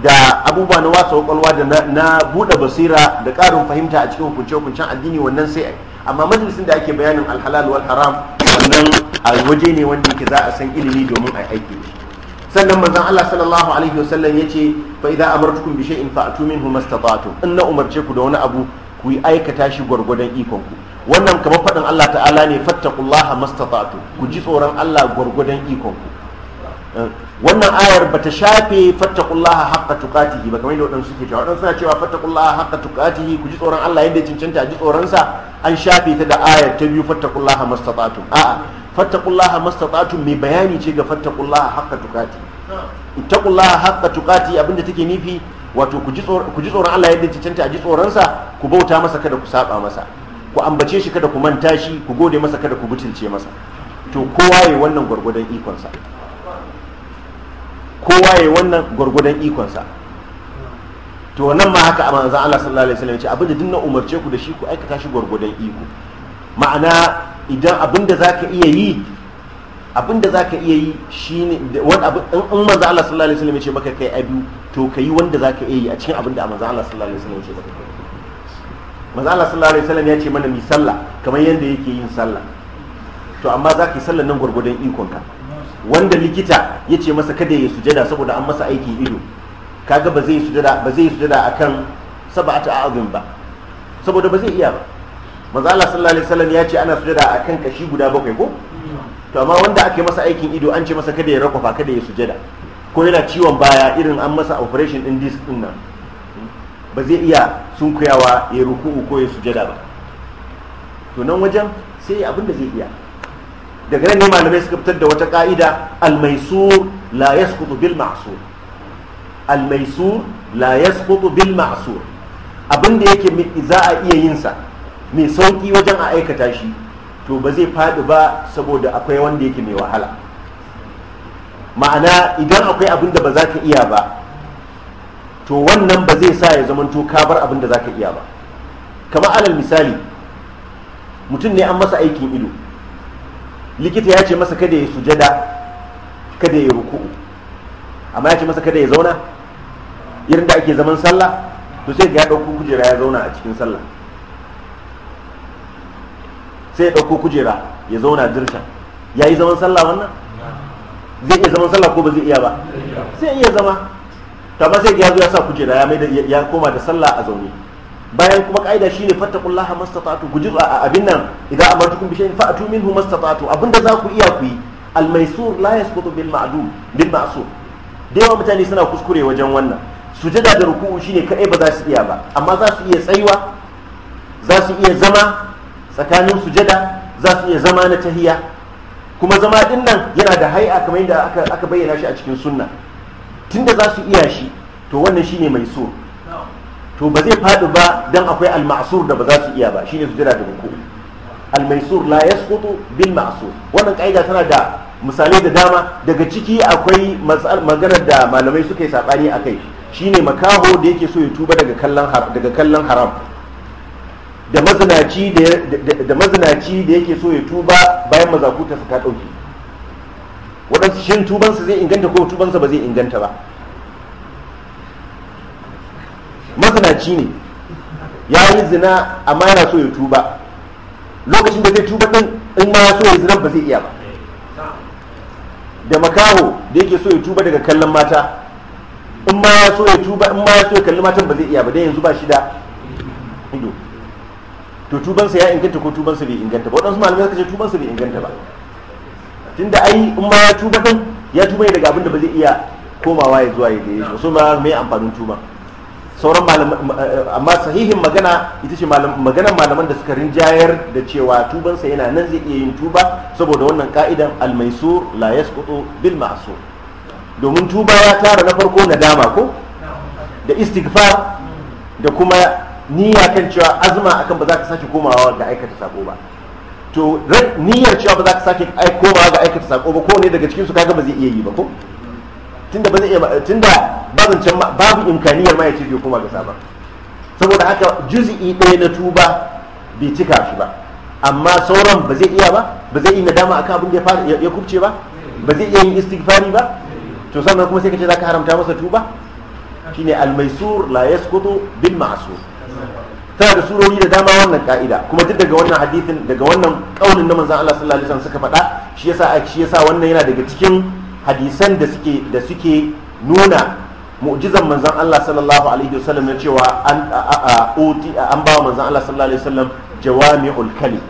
da abubuwa na wasa kwakwalwa da na buɗe basira da ƙarin fahimta a cikin hukunce-hukuncen addini wannan sai amma majalisin da ake bayanin alhalal wal haram wannan a waje ne wanda yake za a san ilimi domin a aiki sannan manzon Allah sallallahu alaihi wasallam yace fa idza amartukum bi shay'in fa'tu minhu mastata'tum in na umarce ku da wani abu ku yi aikata shi gwargwadon ikon ku wannan kamar faɗin Allah ta'ala ne fattaqullaha mastata'tum ku ji tsoron Allah gwargwadon ikon ku eh, wannan ayar ba ta shafe fattakullaha haqqa tuqatihi ba kamar yadda wadansu suke cewa wadansu suna cewa fattakullaha haqqa tuqatihi ku ji tsoron Allah yadda ya cancanta ji tsoron sa an shafe ta da ayar ta biyu fattakullaha mastata'tum a'a fattakullaha mastata'tum mai bayani ce ga fattakullaha haqqa tuqati ittaqullaha haqqa tuqati abinda take nufi wato ku ji tsoron Allah yadda ya cancanta a ji tsoron sa ku bauta masa kada ku saba masa ku ambace shi kada ku manta shi ku gode masa kada ku butulce masa to kowa ya wannan gwargwadon ikonsa kowa ya wannan gwargwadon ikonsa to nan ma haka manzan Allah sallallahu alaihi wasallam ce abinda duk na umarce ku da shi ku aikata shi gwargwadon iko ma'ana idan abinda zaka iya yi abinda zaka iya yi shine wani abu in manzan Allah sallallahu alaihi wasallam ya ce maka kai abu to kai wanda zaka iya yi a cikin abinda manzan Allah sallallahu alaihi wasallam ya ce maka kai manzon Allah sallallahu alaihi wasallam ya ce mana mi sallah kamar yadda yake yin sallah to amma zaka yi sallan nan gwargwadon ikonka wanda likita ya ce masa kada ya sujada saboda an masa aikin ido kaga ba zai sujada ba zai sujada akan sab'atu a'zim ba saboda ba zai iya ba manzo Allah sallallahu alaihi wasallam ya ce ana sujada akan kashi guda bakwai ko to amma wanda ake masa aikin ido an ce masa kada ya rakofa kada ya sujada ko yana ciwon baya irin an masa operation din disc din nan ba zai iya sunkuyawa ya ruku'u ko ya sujada ba to nan wajen sai abin da zai iya daga nan ne malamai suka fitar da wata ka'ida almaisur la yasqutu bil ma'asur almaisur la yasqutu bil ma'asur abin da yake za a iya yin sa mai sauki wajen a aikata shi to ba zai faɗi ba saboda akwai wanda yake mai wahala ma'ana idan akwai abin da ba za ka iya ba to wannan ba zai sa ya zamanto ka bar abin da za ka iya ba kamar alal misali mutum ne an masa aikin ido likita ya ce masa kada ya sujada kada ya ruku'u amma ya ce masa kada ya zauna irin da ake zaman sallah to sai ya ɗauko kujera ya zauna a cikin sallah sai ya ɗauko kujera ya zauna dirshan ya yi zaman sallah wannan zai iya zaman sallah ko ba zai iya ba sai iya zama to amma sai ya zo ya sa kujera ya koma da sallah a zaune bayan kuma ka'ida shine fattaqullaha mastata'tu guji abin nan idan amartukum bi shay'in fa'tu minhu mastata'tu abinda za ku iya ku yi layas maisur la yasqutu bil ma'dum da yawa mutane suna kuskure wajen wannan sujada da ruku'u shine kaɗai ba za su iya ba amma za su iya tsayuwa za su iya zama tsakanin sujada za su iya zama na tahiya kuma zama din nan yana da hai'a kamar yadda aka bayyana shi a cikin sunna tunda za su iya shi to wannan shine mai so to ba zai faɗi ba dan akwai al-ma'sur da ba za su iya ba shine jira da ruku al-maisur la yasqutu bil ma'sur wannan kaida tana da misalai da dama daga ciki akwai maganar da malamai suka yi sabani akai shine makaho da yake so ya tuba daga kallon daga haram da mazinaci da mazinaci da yake so ya tuba bayan mazakuta su ta dauke waɗansu shin tubansa zai inganta ko tubansa ba zai inganta ba masanaci ne ya yi zina amma yana so ya tuba lokacin da zai tuba din in ma ya so ya zina ba zai iya ba da makaho da yake so ya tuba daga kallon mata in ma ya so ya tuba in ma ya so ya kalli matan ba zai iya ba dai yanzu ba shi da ido to tubansa ya inganta ko tubansa bai inganta ba waɗansu malamai suka ce tubansa bai inganta ba tunda ai in ma ya tuba din ya tuba daga abin da ba zai iya komawa ya zuwa ya da ya so ma mai amfanin tuba sauran eh, amma sahihin magana ita ce maganar malaman da suka rinjayar da cewa tubansa yana nan zai iya yin tuba saboda wannan ka'idan almaisu la yasqutu bil ma'sur domin tuba ya tara na farko dama ko da istighfar da kuma niyya kan cewa azma akan ba za ka sake komawa ga aikata sako ba to niyyar cewa ba za ka sake komawa ga aikata sako ba ko ne daga cikin su kaga ba zai iya yi ba ko tunda ba zai iya tunda babin can babu imkaniyar ma ya ce bai koma ga ba saboda haka juz'i ɗaya na tuba bai cika shi ba amma sauran ba zai iya ba ba zai yi nadama akan abin da ya kubce ba ba zai iya yin istighfari ba to sannan kuma sai ka ce zaka haramta masa tuba shine al-maisur la yasqutu bil ma'sur tana da surori da dama wannan ka'ida kuma duk daga wannan hadithin daga wannan ƙaunin na manzon Allah sallallahu alaihi wasallam suka faɗa shi yasa shi yasa wannan yana daga cikin hadisan da suke da suke nuna mu'jizan manzon Allah sallallahu alaihi wasallam na cewa an an ba manzon Allah sallallahu alaihi wasallam jawami'ul kalim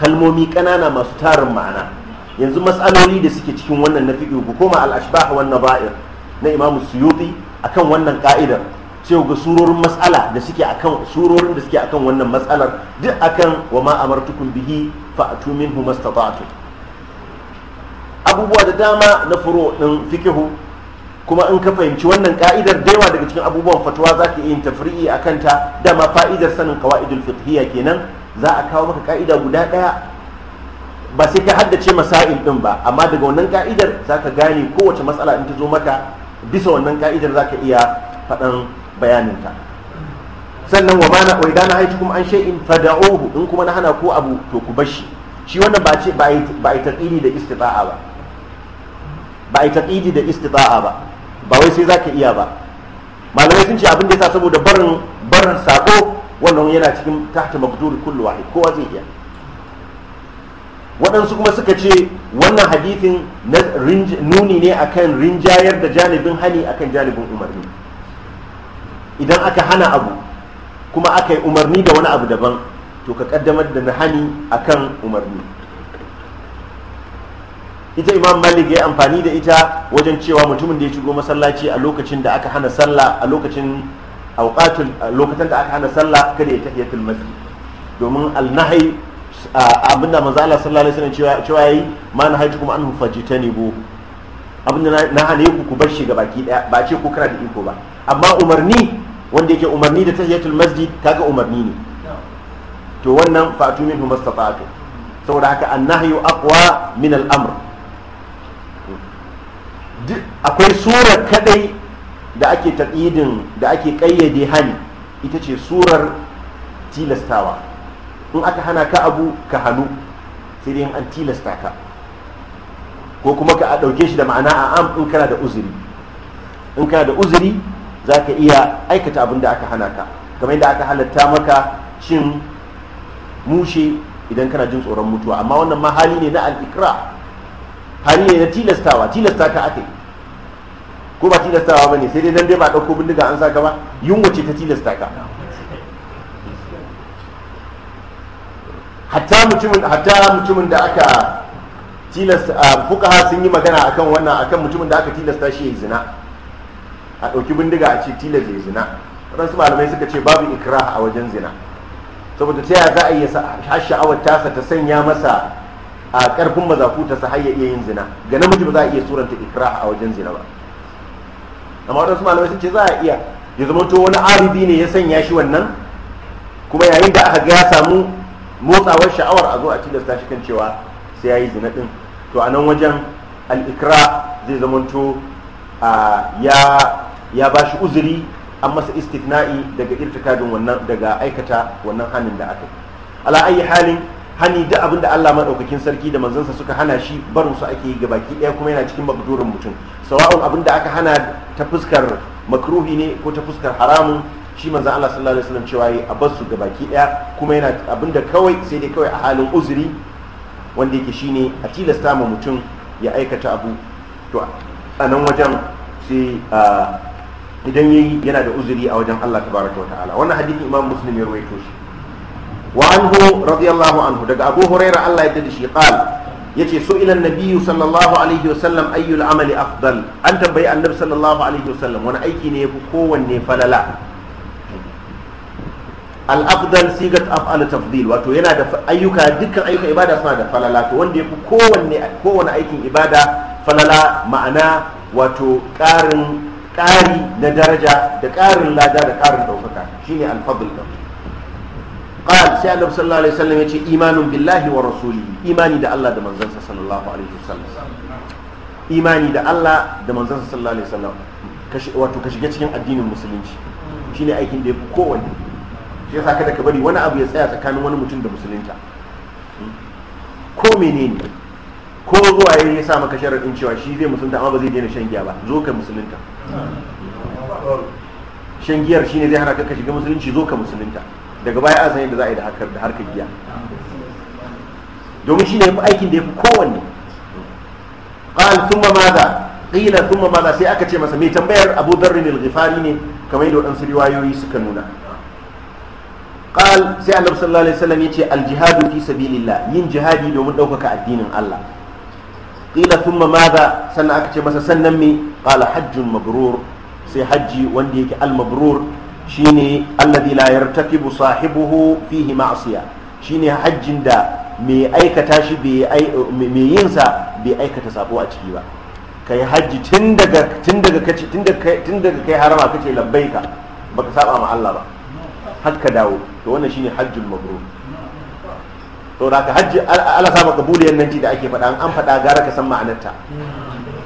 kalmomi kanana masu tarin ma'ana yanzu matsaloli da suke cikin wannan na fiqh ku koma al-ashbah wan nabair na imamu Suyuti akan wannan ka'idar sai ga surorin masala da suke akan surorin da suke akan wannan matsalar duk akan wa ma amartukum bihi fa'tu minhu mastata'tum abubuwa da dama na furo ɗin fikihu kuma in ka fahimci wannan ka'idar da yawa daga cikin abubuwan fatuwa za ka yin tafri'i a kanta dama fa'idar sanin kawa'idul fiqhiyya kenan za a kawo maka ka'ida guda ɗaya ba sai ka haddace masail ɗin ba amma daga wannan ka'idar za ka gane kowace matsala in ta zo maka bisa wannan ka'idar za ka iya faɗan bayanin ta sannan wa mana wa idan aitu kuma an shay'in in kuma na hana ko abu to ku bashi shi wannan ba ce ba yi taqili da istita'a ba ba a yi taƙidi da istita'a ba ba wai sai zaka iya ba malamai sun ce abin da ya sa saboda barin barin sako wannan yana cikin tahta maqduri kullu wahid kowa zai iya waɗansu kuma suka ce wannan hadithin nuni ne akan rinjayar da janibin hani akan janibin umarni idan aka hana abu kuma aka yi umarni da wani abu daban to ka kaddamar da na hani akan umarni ita imam malik ya amfani da ita wajen cewa mutumin da ya shigo masallaci a lokacin da aka hana sallah a lokacin auqatul lokacin da aka hana sallah kada ya tahiyatul masjid domin alnahi abinda manzo Allah sallallahu alaihi wasallam cewa cewa yi ma na haji kuma anhu bo abinda na hane ku ku bar ga baki daya ba ce ku kana da iko ba amma umarni wanda yake umarni da tahiyatul masjid kaga umarni ne to wannan fatu minhu mastata'tu saboda haka annahyu aqwa min al-amr akwai surar kadai da ake taɗidin da ake ƙayyade hani ita ce surar tilastawa in aka hana ka abu ka hannu sai dai an tilasta ka ko kuma ka ɗauke shi da ma'ana a am in kana da uzuri in kana da uzuri za ka iya aikata abin da aka hana ka kamar yadda aka halatta maka cin mushe idan kana jin tsoron mutuwa amma wannan ma hali ne na al'ikra hari ne na tilastawa tilasta ka aka yi ko ba tilastawa ba ne sai dai dan dai ba ɗauko bindiga an saka ba yin ce ta tilasta ka hatta mutumin hatta mutumin da aka tilasta fukaha sun yi magana akan wannan akan mutumin da aka tilasta shi ya zina a ɗauki bindiga a ce tilasta ya zina waɗansu malamai suka ce babu ikra a wajen zina saboda ta yaya za a yi sha'awar tasa ta sanya masa a karfin mazakuta sa har ya iya yin zina ga namiji ba za a iya suranta Ikra a wajen zina ba amma waɗansu malamai sun ce za a iya ya zama to wani aridi ne ya sanya shi wannan kuma yayin da aka ga ya samu motsawar sha'awar a zo a tilasta shi kan cewa sai ya yi zina ɗin to a nan wajen al'ikra zai zamanto ya ba shi uzuri an masa istifna'i daga irtikadin wannan daga aikata wannan hannun da aka yi ala ayi halin hani duk abin da Allah madaukakin sarki da manzansa suka hana shi barin su ake yi ga baki daya kuma yana cikin makdurin mutum sawa'un abin da aka hana ta fuskar makruhi ne ko ta fuskar haramun shi manzo Allah sallallahu alaihi wasallam cewa a bar su ga baki daya kuma yana abin da kawai sai dai kawai a halin uzuri wanda yake shine a tilasta ma mutum ya aikata abu to a nan wajen sai idan yayi yana da uzuri a wajen Allah tabaraka wa ta'ala wannan hadisin Imam Muslim ya rawaito shi wa anhu radiyallahu anhu daga abu huraira Allah ya da shi qal yace so ila nabiyyu sallallahu alaihi wa wasallam ayyul amali afdal an tambayi annabi sallallahu alaihi wa wasallam wani aiki ne yafi kowanne falala al afdal sigat af'al tafdil wato yana da ayyuka dukkan ayyukan ibada suna da falala to wanda yafi kowanne kowanne aikin ibada falala ma'ana wato ƙarin ƙari na daraja da ƙarin lada da ƙarin ɗaukaka shine al fadl qal sai annabi sallallahu alaihi wasallam yace imanun billahi wa rasulihi imani da Allah da manzansa sallallahu alaihi wasallam imani da Allah da manzansa sallallahu alaihi wasallam wato ka shiga cikin addinin musulunci shine aikin da yafi kowanne shi yasa kada ka bari wani abu ya tsaya tsakanin wani mutum da musulunta ko menene ko zuwa ya sa maka sharaɗin cewa shi zai musulunta amma ba zai daina shan giya ba zo ka musulunta shan giyar shine zai hana ka shiga musulunci zo ka musulunta daga baya an san yadda za a yi da harkar giya domin shi ne ya fi aikin da ya fi kowanne ma thumma madha qila ma madha sai aka ce masa mai tambayar Abu Dharr al ne kamar yadda waɗansu riwayoyi suka nuna qal sai Annabi sallallahu alaihi wasallam yace al-jihadu fi sabilillah yin jihadi domin ɗaukaka addinin Allah qila ma madha sannan aka ce masa sannan me ƙala hajjun mabrur sai hajji wanda yake al-mabrur shine alladhi la yartakibu sahibuhu fihi ma'siya shine hajjin da mai aikata shi mai yin sa bai aikata sabo a ciki ba kai hajji tun daga tun daga kace tun daga tun daga kai harama kace labbaika baka saba ma Allah ba har ka dawo to wannan shine hajjul mabrur to da ka hajji Allah saba kabuliyar nan da ake faɗa an faɗa gara ka san ma'anarta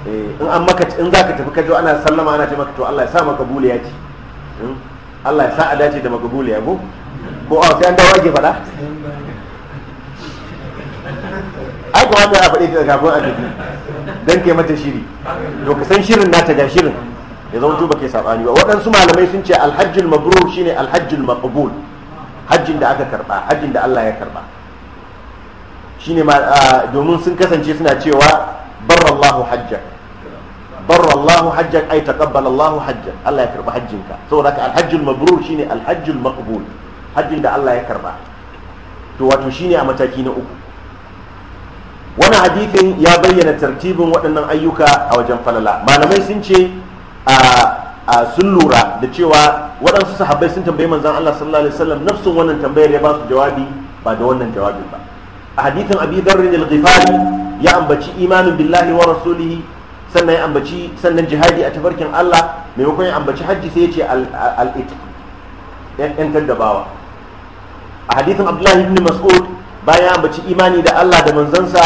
eh, in an maka in zaka tafi kaje ana sallama ana ce maka to Allah ya sa maka buliya ci. Allah sa a dace da makabuli ya go ko a sai an dawo ake faɗa ai kuma ta a faɗi ta kafin a tafi don ke mata shiri to ka san shirin nata ga shirin ya zama tuba ke sabani ba waɗansu malamai sun ce alhajjul mabrur shine alhajjul maqbul hajjin da aka karɓa, hajjin da Allah ya karba shine domin sun kasance suna cewa barallahu hajjaka barra Allahu hajjak ay taqabbala Allah ya karba hajjinka saboda ka alhajjul mabrur shine alhajjul maqbul hajjin da Allah ya karba to wato shine a mataki na uku wannan hadithin ya bayyana tartibin waɗannan ayyuka a wajen falala malamai sun ce a sun lura da cewa waɗansu sahabai sun tambayi manzan Allah sallallahu alaihi wasallam nafsun wannan tambayar ya basu jawabi ba da wannan jawabin ba a hadithin abi ya ambaci imanin billahi wa rasulihi sannan ya ambaci sannan jihadi a tafarkin Allah maimakon ya ambaci hajji sai ya ce al'it yantar da bawa a hadithin abdullahi ibn mas'ud bayan ya ambaci imani da Allah da manzansa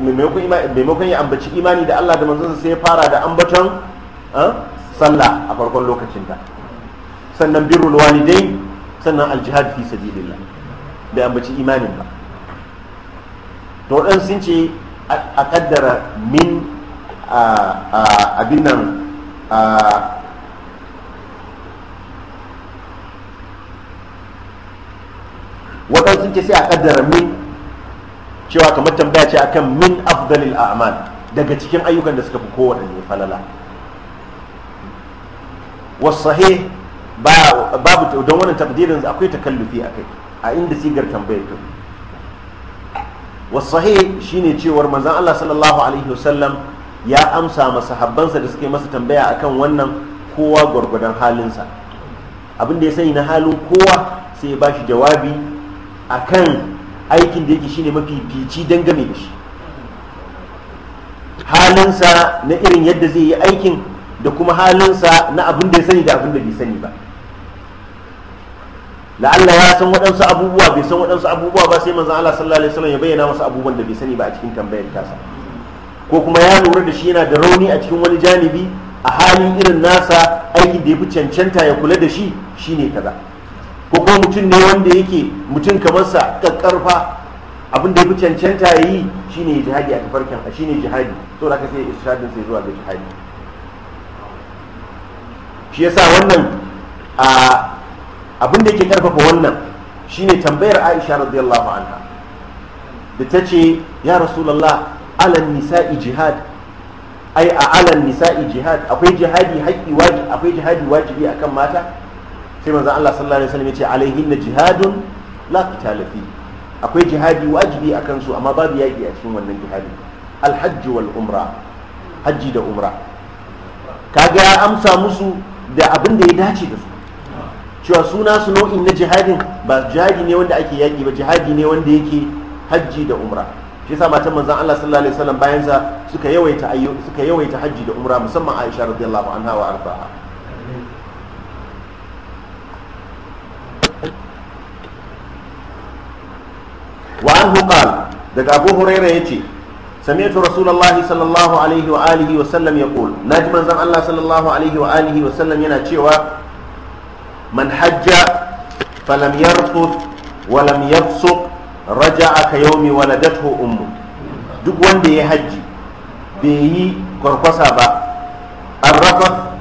maimakon ya ambaci imani da Allah da manzansa sai ya fara da ambaton ah, sallah a farkon lokacinta sannan birrul dai sannan aljihad fi sabilillah bai ambaci imanin ba to dan sun ce a kaddara min abin nan sun ce sai a kaddara min cewa kamar tambaya ce akan min afdalil a'mal daga cikin ayyukan da suka fi kowaɗanne falala wasahe babu don wannan tabdirin akwai takallufi a kai a inda sigar tambayar ta wasahe shine cewar manzon Allah sallallahu alaihi wasallam ya amsa masa habbansa da suke masa tambaya akan wannan kowa gwargwadon halinsa abin da ya sani na halin kowa sai ya ba shi jawabi akan aikin da yake shine mafi fici dangane da shi halinsa na irin yadda zai yi aikin da kuma halinsa na abin da ya sani da abin da bai sani ba la'alla ya san waɗansu abubuwa bai san waɗansu abubuwa ba sai manzan Allah sallallahu alaihi wasallam ya bayyana masa abubuwan da bai sani ba a cikin tambayar tasa ko kuma ya lura da shi yana da rauni a cikin wani janibi a halin irin nasa aikin da ya fi cancanta ya kula da shi shine kaza ko kuma mutum ne wanda yake mutum kamar sa kakkarfa abin da ya fi cancanta ya yi shine jihadi a tafarkin a shine jihadi to da ka sai irshadin sai zuwa ga jihadi shi yasa wannan abin da yake karfafa wannan shine tambayar Aisha radiyallahu anha da ta ce ya rasulallah. alan nisa'i jihad ai a alan nisa'i jihad akwai jihadi haƙƙi wajibi akwai jihadi wajibi akan mata sai manzo Allah sallallahu alaihi wasallam ya ce na jihadun la qitala fi akwai jihadi wajibi akan su amma babu yaƙi a cikin wannan jihadi hajj wal umra hajji da umra kaga ya amsa musu da abin da ya dace da su cewa suna su nau'in na jihadin ba jihadi ne wanda ake yaƙi ba jihadi ne wanda yake hajji da umra shi yasa matan manzon Allah sallallahu alaihi wasallam bayan sa suka yawaita hajji suka yawaita da umra musamman Aisha radiyallahu anha wa arba'a wa anhu qala daga Abu Hurairah yace سمعت رسول الله صلى الله عليه وآله وسلم يقول ناجم زم الله صلى الله عليه وآله وسلم ينا من حج فلم يرفث ولم يفسق raja'a ka yaumi waladathu ummu duk wanda ya hajji bai yi kwarkwasa ba arrafa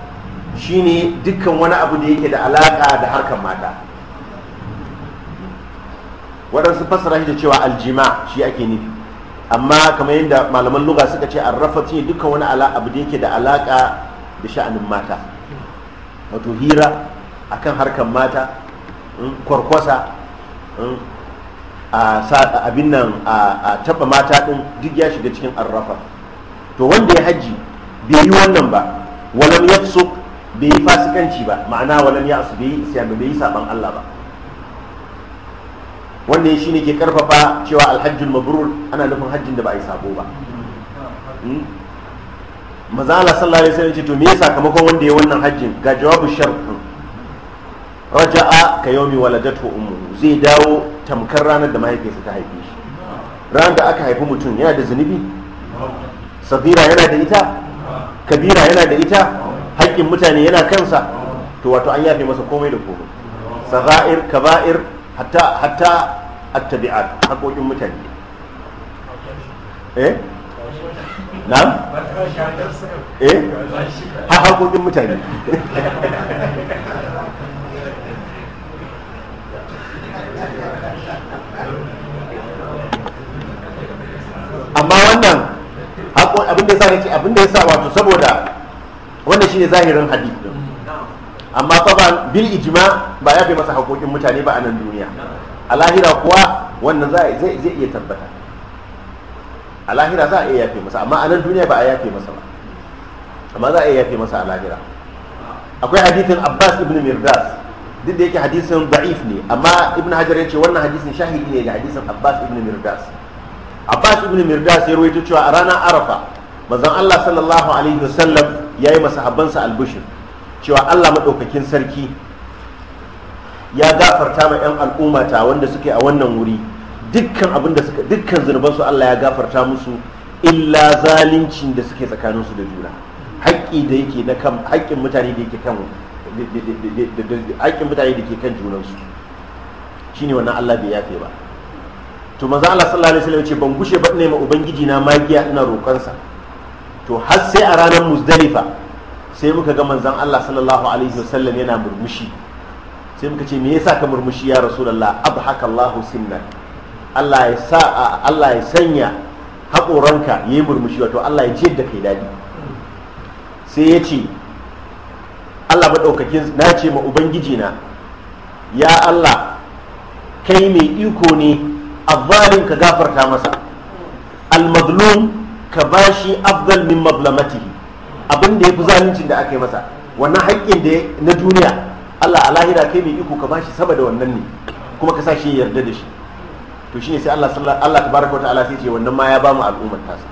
shine dukkan wani abu da yake da alaka da harkar mata waɗansu fasara shi da cewa aljima shi ake nufi amma kamar yadda malaman luga suka ce arrafa shine dukkan wani abu da yake da alaka da sha'anin mata wato hira akan harkar mata mm, kwarkwasa mm, a abin nan a taba mata ɗin duk ya shiga cikin arrafa to wanda ya hajji bai yi wannan ba walam ya bai yi fasikanci ba ma'ana walam ya bai yi isyan bai yi saban Allah ba wannan shi ne ke karfafa cewa alhajjul mabrur ana nufin hajjin da ba a yi sabo ba hmm? maza Allah sallallahu alaihi wasallam ce to me ya sakamakon wanda ya wannan hajjin ga jawabu sharh raja'a ka yawmi waladatu Ummu zai dawo tamkar ranar da mahaifiyarsa ta haife shi ranar da aka haifi mutum yana da zunubi sabira yana da ita kabira yana da ita haƙƙin mutane yana kansa to wato an yafe masa komai da komai sagha'ir kaba'ir hatta hatta attabi'at haƙoƙin mutane eh na'am eh ha haƙoƙin mutane abin da ne nake abin da sa wato saboda wannan shine zahirin hadith din amma taban bil ijma ba ya fi masa hakokin mutane ba a nan duniya a lahira kuwa wannan zai zai iya tabbata a lahira za a iya yafe masa amma a nan duniya ba a yafe masa ba amma za a iya yafe masa a lahira akwai hadithin Abbas ibn Mirdas duk da yake hadisin da'if ne amma ibn Hajar ya ce wannan hadisin shahidi ne da hadisin Abbas ibn Mirdas abbas ibn mirdas ya rawaito cewa a ranar arafa manzon allah sallallahu alaihi wasallam ya yi masahabbansa albushir cewa allah maɗaukakin sarki ya gafarta ma 'yan al'ummata wanda suke a wannan wuri dukkan abin da suka dukkan zunubansu allah ya gafarta musu illa zalincin da suke tsakaninsu da juna haƙƙi da yake na kan haƙƙin mutane da yake kan haƙƙin mutane da ke kan junansu shine wannan allah bai yafe ba to manzo Allah sallallahu alaihi wasallam ya ce ban gushe ba ne ma ubangiji na magiya ina roƙonsa to har sai a ranar muzdalifa sai muka ga manzon Allah sallallahu alaihi wasallam yana murmushi sai muka ce me yasa ka murmushi ya rasulullah abhaka Allah sinna Allah ya sa Allah ya sanya haƙoranka yayi murmushi wato Allah ya jiyar da kai dadi sai ya ce Allah madaukakin na ce ma ubangiji na ya Allah kai mai iko ne الظالم كغافر تامسا المظلوم كباشي أفضل من مظلمته abin da ya fi zaluncin da aka yi masa wannan haƙƙin da na duniya Allah a lahira kai mai iko ka bashi saba da wannan ne kuma ka sa shi yarda da shi to shine sai Allah sallallahu Allah tabaraka wa ta'ala sai ce wannan ma ya ba mu al'ummar tasa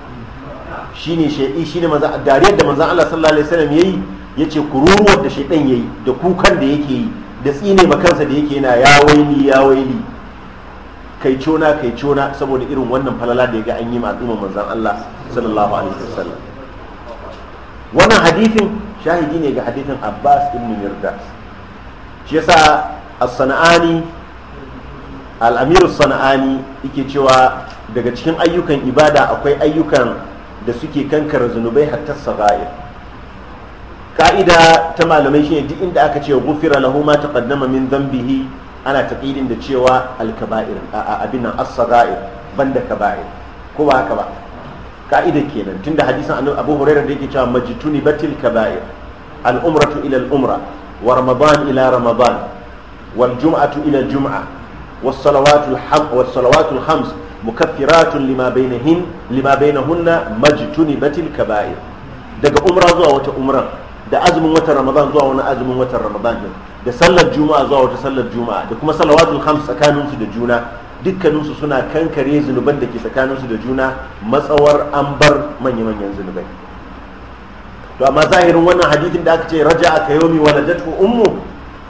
shi shi ne manzo dariyar da manzo Allah sallallahu alaihi wasallam yayi yace kururuwar da shaydan yayi da kukan da yake yi da tsine makansa da yake yana ya waili ya waili kai cona kai cona saboda irin wannan falala da ya ga an yi al'umma manzan Allah sallallahu alaihi wasallam wannan hadithin shahidi ne ga hadithin Abbas ibn Mirdas shi yasa as-sana'ani al as sana'ani yake cewa daga cikin ayyukan ibada akwai ayyukan da suke kankara zunubai hatta sagair ka'ida ta malamai shine duk inda aka ce gufira lahu ma taqaddama min dhanbihi ana taqidin da cewa al-kaba'ir abin nan as ban da kaba'ir ko ba haka ba ka'ida kenan tunda hadisin annabi Abu Hurairah da yake cewa majtuni batil kaba'ir al-umratu ila al-umra wa ramadan ila ramadan wal jum'atu ila juma was salawatu al-ham was salawatu al-khams mukaffiratun lima bainahin lima bainahunna majtuni batil kaba'ir daga umra zuwa wata umran da azumin wata ramadan zuwa wani azumin wata ramadan da sallar juma'a zuwa wata sallar juma'a da kuma salawatul khams tsakaninsu da juna dukkaninsu suna kankare zunuban da ke tsakaninsu da juna matsawar an bar manya-manyan zunubai to amma zahirin wannan hadithin da aka ce raja aka yomi waladatu ummu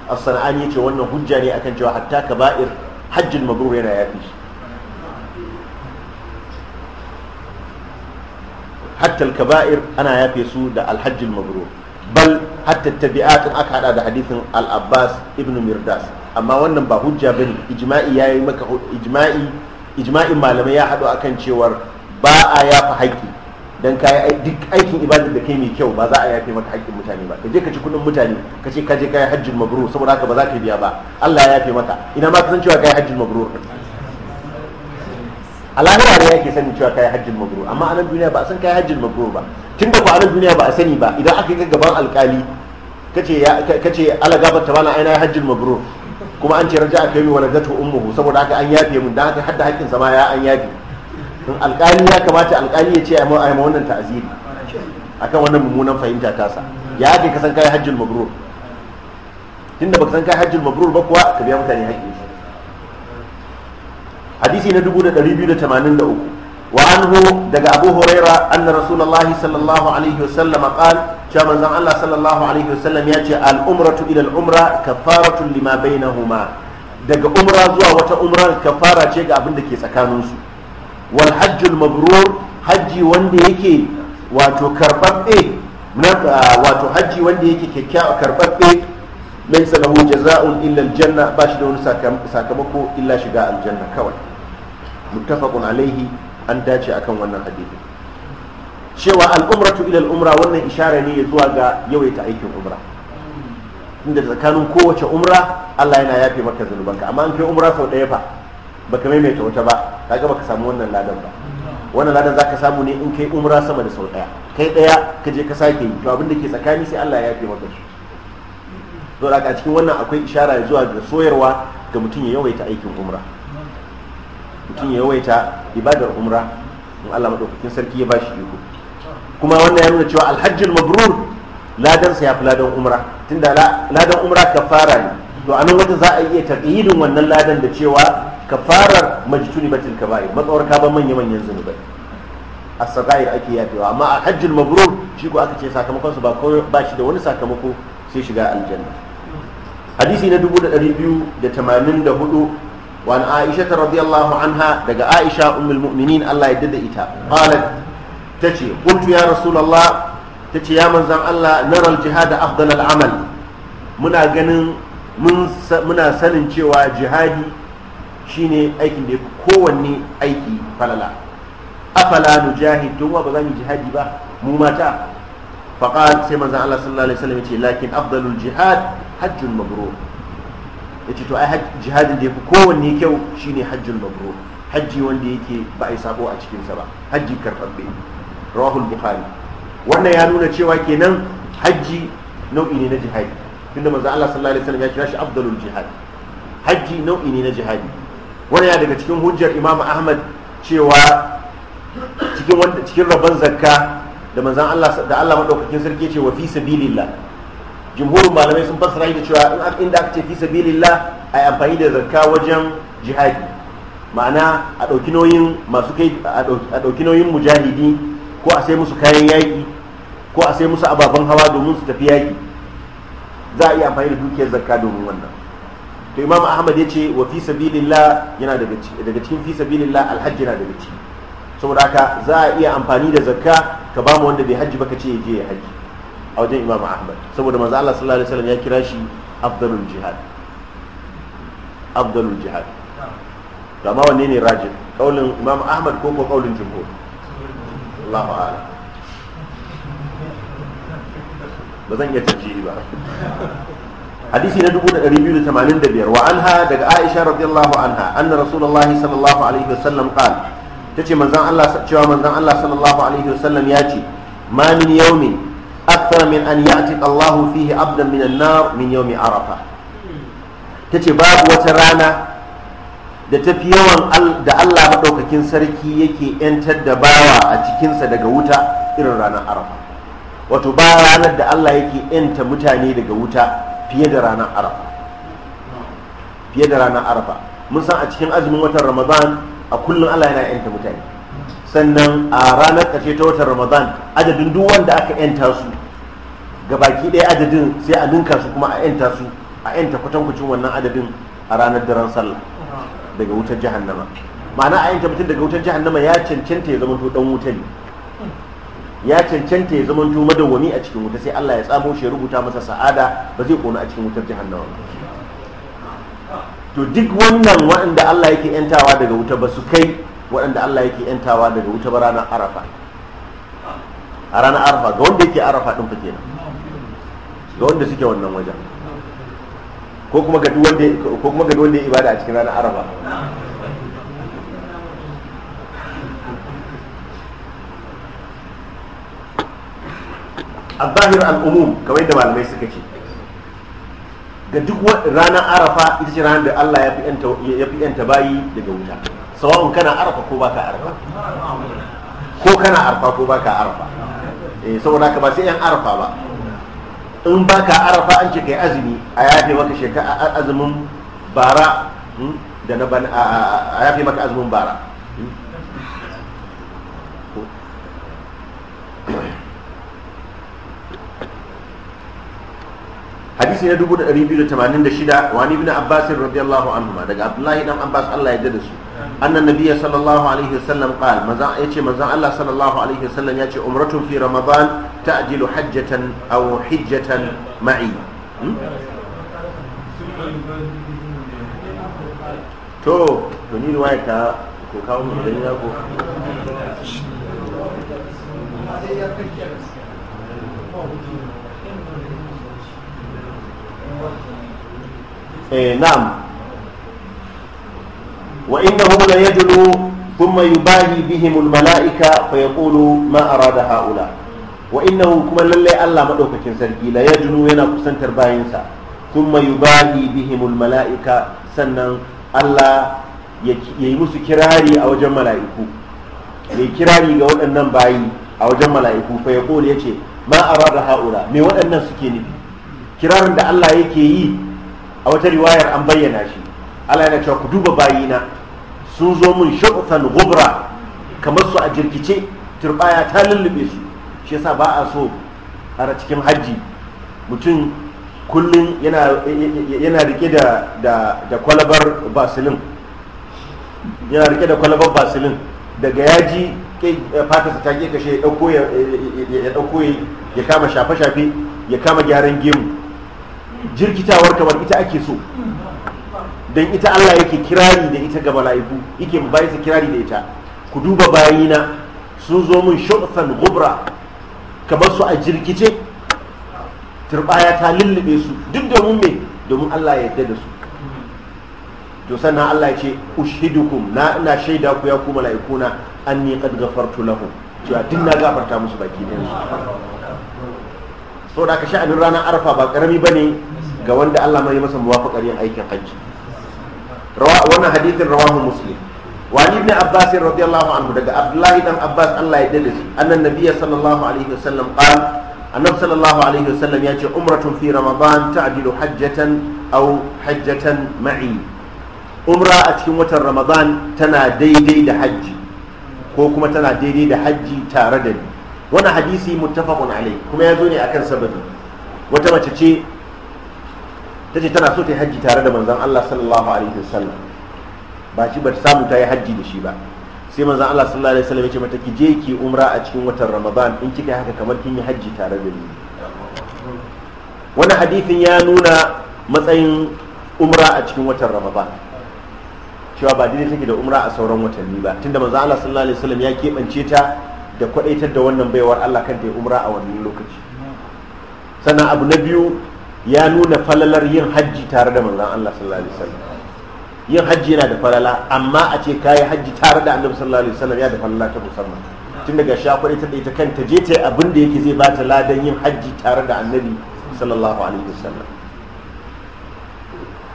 as-sana'ani yace wannan hujja ne akan cewa hatta kaba'ir hajjul mabrur yana yafi hatta al-kaba'ir ana yafe su da al-hajjul mabrur bal hatta in aka hada da hadithin al-abbas ibn mirdas amma wannan ba hujja bane ijma'i yayi maka ijma'i ijma'in malamai ya hado akan cewar ba a yafa haƙƙi dan kai duk aikin ibadar da kai mai kyau ba za a yafe maka haƙƙin mutane ba ka je ka ci kudin mutane ka ce ka je kai hajjul mabrur saboda haka ba za ka biya ba Allah ya yafe maka ina ma ka san cewa kai hajjul mabrur a lahira ne ake sani cewa kai hajjin mabrur amma a nan duniya ba a san kai hajjin mabrur ba tun da ku a nan duniya ba a sani ba idan aka ga gaban alkali kace ya kace ala gabar ta bana aina hajjin mabrur kuma an ce raja raja'a kai wa nadatu ummuhu saboda haka an yafe mun don aka hadda hakkin sa ma ya an yafe alkali ya kamata alkali ya ce a yi ma wannan ta'ziri akan wannan mummunan fahimta tasa ya ake kasan kai hajjin mabrur tunda baka san kai hajjin mabrur ba kuwa ka biya mutane haƙƙi hadisi na 2283 wa anhu daga abu huraira anna rasulullahi sallallahu alaihi wasallam qal cewa manzon Allah sallallahu alaihi wasallam ya ce al umratu ila al umra kafaratun lima bainahuma daga umra zuwa wata umra kafara ce ga abin da ke tsakaninsu wal hajjul mabrur hajji wanda yake wato karbabbe wato hajji wanda yake kyakkyawa karbabbe lahu jaza'un illa ba shi da wani sakamako illa shiga aljanna kawai muttafaqun alaihi an dace akan wannan hadisi cewa al'umratu ila umra wannan ishara ne zuwa ga yawaita aikin umra inda tsakanin kowace umra Allah yana yafe maka zanubanka amma an kai umra sau ɗaya fa baka maimaita wata ba kaga baka samu wannan ladan ba wannan ladan zaka samu ne in kai umra sama da sau ɗaya kai ɗaya ka je ka sake yi to abin da ke tsakani sai Allah ya yafe maka shi to a cikin wannan akwai ishara zuwa ga soyarwa ga mutum ya yawaita aikin umra mutum ya yawaita ibadar umra in Allah madaukakin sarki ya bashi iko kuma wannan ya nuna cewa alhajjul mabrur ladan sa yafi ladan umra tunda ladan umra kafara ne to anan wata za a iya taqyidin wannan ladan da cewa kafarar majtuni batil kaba'ir matsawar ka ba manya manyan zunubai as-sagair ake yafewa amma alhajjul mabrur shi ko aka ce sakamakon su ba ba shi da wani sakamako sai shiga aljanna hadisi na 2284 وعن عائشة رضي الله عنها دقى عائشة أم المؤمنين الله يدد إتا قالت تشي قلت يا رسول الله تشي يا من زم الله نرى الجهاد أفضل العمل منا جنن من س... منا سنن شوى جهادي شيني أيكي ديك كوني أيكي فللا أفلا نجاهد دوا بغاني جهادي با مماتا فقال سيما زم الله صلى الله عليه وسلم لكن أفضل الجهاد حج مبرور ya ce to ai jihadin da ya fi kowanne kyau shine hajjul mabru hajji wanda yake ba a yi sabo a cikinsa ba hajji karɓaɓɓe rahul bukhari wannan ya nuna cewa kenan hajji nau'i ne na jihadi tunda manzo Allah sallallahu alaihi wasallam ya kira shi afdalul jihad hajji nau'i ne na jihadi wannan ya daga cikin hujjar Imam Ahmad cewa cikin wanda cikin rabon zakka da manzon Allah da Allah madaukakin sarki ce wa fi sabilillah jumhurin malamai sun fassara shi da cewa in inda aka ce fi sabilillah yi amfani da zakka wajen jihadi ma'ana a ɗauki nauyin masu kai a ɗauki nauyin mujahidi ko a sai musu kayan yaƙi ko a sai musu ababen hawa domin su tafi yaƙi za a iya amfani da dukiyar zakka domin wannan to imam ahmad ya ce wa fi sabilillah yana daga cikin fi sabilillah alhaji yana daga ciki saboda haka za a iya amfani da zakka ka ba mu wanda bai hajji ba ka ce ya je ya hajji a wajen imam ahmad saboda manzo Allah sallallahu alaihi wasallam ya kira shi afdalul jihad afdalul jihad to amma wanne ne rajin kaulin imam ahmad ko ko kaulin jumhur Allahu a'lam ba zan iya tarjihi ba hadisi na 2285 wa anha daga Aisha radiyallahu anha anna rasulullahi sallallahu alaihi wasallam qala tace manzon Allah cewa manzon Allah sallallahu alaihi wasallam ya ce ma min yawmin akthar min an ya'ti Allahu fihi abdan min an-nar min yawmi arafa ce babu wata rana da tafi yawan da Allah maɗaukakin sarki yake yantar da bawa a cikinsa daga wuta irin ranar arafa wato ba ranar da Allah yake yanta mutane daga wuta fiye da ranar arafa fiye da ranar arafa mun san a cikin azumin watan ramadan a kullum Allah yana yanta mutane sannan a ranar ƙarshe ta watan ramadan adadin duk wanda aka yanta su gabaki ɗaya adadin sai a ninka su kuma a yanta su a yanta kwatankwacin wannan adadin a ranar daren sallah daga wutar jahannama ma'ana a yanta mutum daga wutar jahannama ya cancanta ya zamanto dan wuta ne ya cancanta ya zamanto madawwami a cikin wuta sai Allah ya tsamo shi ya rubuta masa sa'ada ba zai kona a cikin wutar jahannama to duk wannan waɗanda Allah yake yantawa daga wuta ba su kai waɗanda Allah yake yantawa daga wuta ba ranar arafa a ranar arafa ga wanda yake arafa ɗin fa kenan ga wanda suke wannan wajen ko kuma ga wanda ko kuma ga wanda ibada a cikin ranar araba al-zahir al-umum kamar yadda malamai suka ce ga duk ranar arafa ita ce ranar da Allah ya fi yanta bayi daga wuta sawa'un kana arafa ko baka arafa ko kana arafa ko baka arafa eh saboda ka ba sai yan arafa ba in ba ka arafa an ce kai azumi a yafe maka shekara azumin bara hmm, da na bana a yafe maka azumin bara hadisi na 286 wani ibn abbas radiyallahu anhu daga abdullahi dan abbas Allah ya da su annan nabiya sallallahu alaihi wasallam qal manzan yace manzan Allah sallallahu alaihi wasallam yace umratun fi ramadan ta'jilu hajjatan aw hijjatan ma'i hmm? to to ni ruwaya ta ko kawo mu da ya ko eh na'am wa inda hu la yadu kuma yi bihi mul mala'ika fa kulu ma ha'ula wa inda kuma lallai Allah maɗaukacin sarki la yadu nu yana kusantar bayansa kuma yi bihi mul mala'ika sannan Allah ya yi musu kirari a wajen mala'iku kirari ga waɗannan bayi a wajen mala'iku fa kulu ya ce ha'ula me waɗannan su nufi kirarin da Allah yake yi a wata riwayar an bayyana shi. Allah yana cewa ku duba bayina sun zo mun shaqtan gubra kamar su a jirkice turbaya ta lullube su shi yasa ba a so har cikin hajji mutum kullum yana rike da kwalabar basilin yana rike da kwalabar basilin daga yaji eh, fatarsa ta ke kashe ya ɗauko ya kama shafe-shafe ya kama gyaran gemu jirkitawar kamar ita ake so dan ita Allah yake kirari da ita ga mala'iku yake mu bayi kirari da ita ku duba bayina sun zo min shu'than gubra kamar su a jirkice turbaya ta lullube su duk domin me domin Allah ya yarda da su to sannan Allah ya ce ushidukum na ina shaida ku ya ku mala'ikuna anni kad ghafartu lahum cewa duk na gafarta musu baki ɗayan su so da sha'anin ranar arfa ba karami bane ga wanda Allah mai masa muwafaqar yin aikin hajji wannan hadithin rawahu muslim wa ni ibn abbas radiyallahu anhu daga abdullahi dan abbas Allah ya dade annan nabiyyi sallallahu alaihi wasallam qala annab sallallahu alaihi wasallam ya ce umratun fi ramadan ta'dilu hajjatan aw hajjatan ma'i umra a cikin watan ramadan tana daidai da hajji ko kuma tana daidai da hajji tare da ni wannan hadisi muttafaqun alai kuma ya zo ne akan sababi wata mace ce ta ce tana so ta yi hajji tare da manzan Allah sallallahu alaihi wasallam ba shi ba ta samu ta yi hajji da shi ba sai manzan Allah sallallahu alaihi wasallam ya ce mata ki je ki umra a cikin watan Ramadan in kika haka kamar kin yi hajji tare da ni wani hadithin ya nuna matsayin umra a cikin watan Ramadan cewa ba daidai take da umra a sauran watanni ba tunda manzan Allah sallallahu alaihi wasallam ya keɓance ta da kwadaitar da wannan baiwar Allah kan ta yi umra a wannan lokaci sannan abu na biyu ya nuna falalar yin hajji tare da manzon Allah sallallahu alaihi wasallam yin hajji yana da falala amma a ce kayi hajji tare da annabi sallallahu alaihi wasallam ya da falala ta musamman tun daga shakwari ta ita kanta je ta abin da yake zai ba ta ladan yin hajji tare da annabi sallallahu alaihi wasallam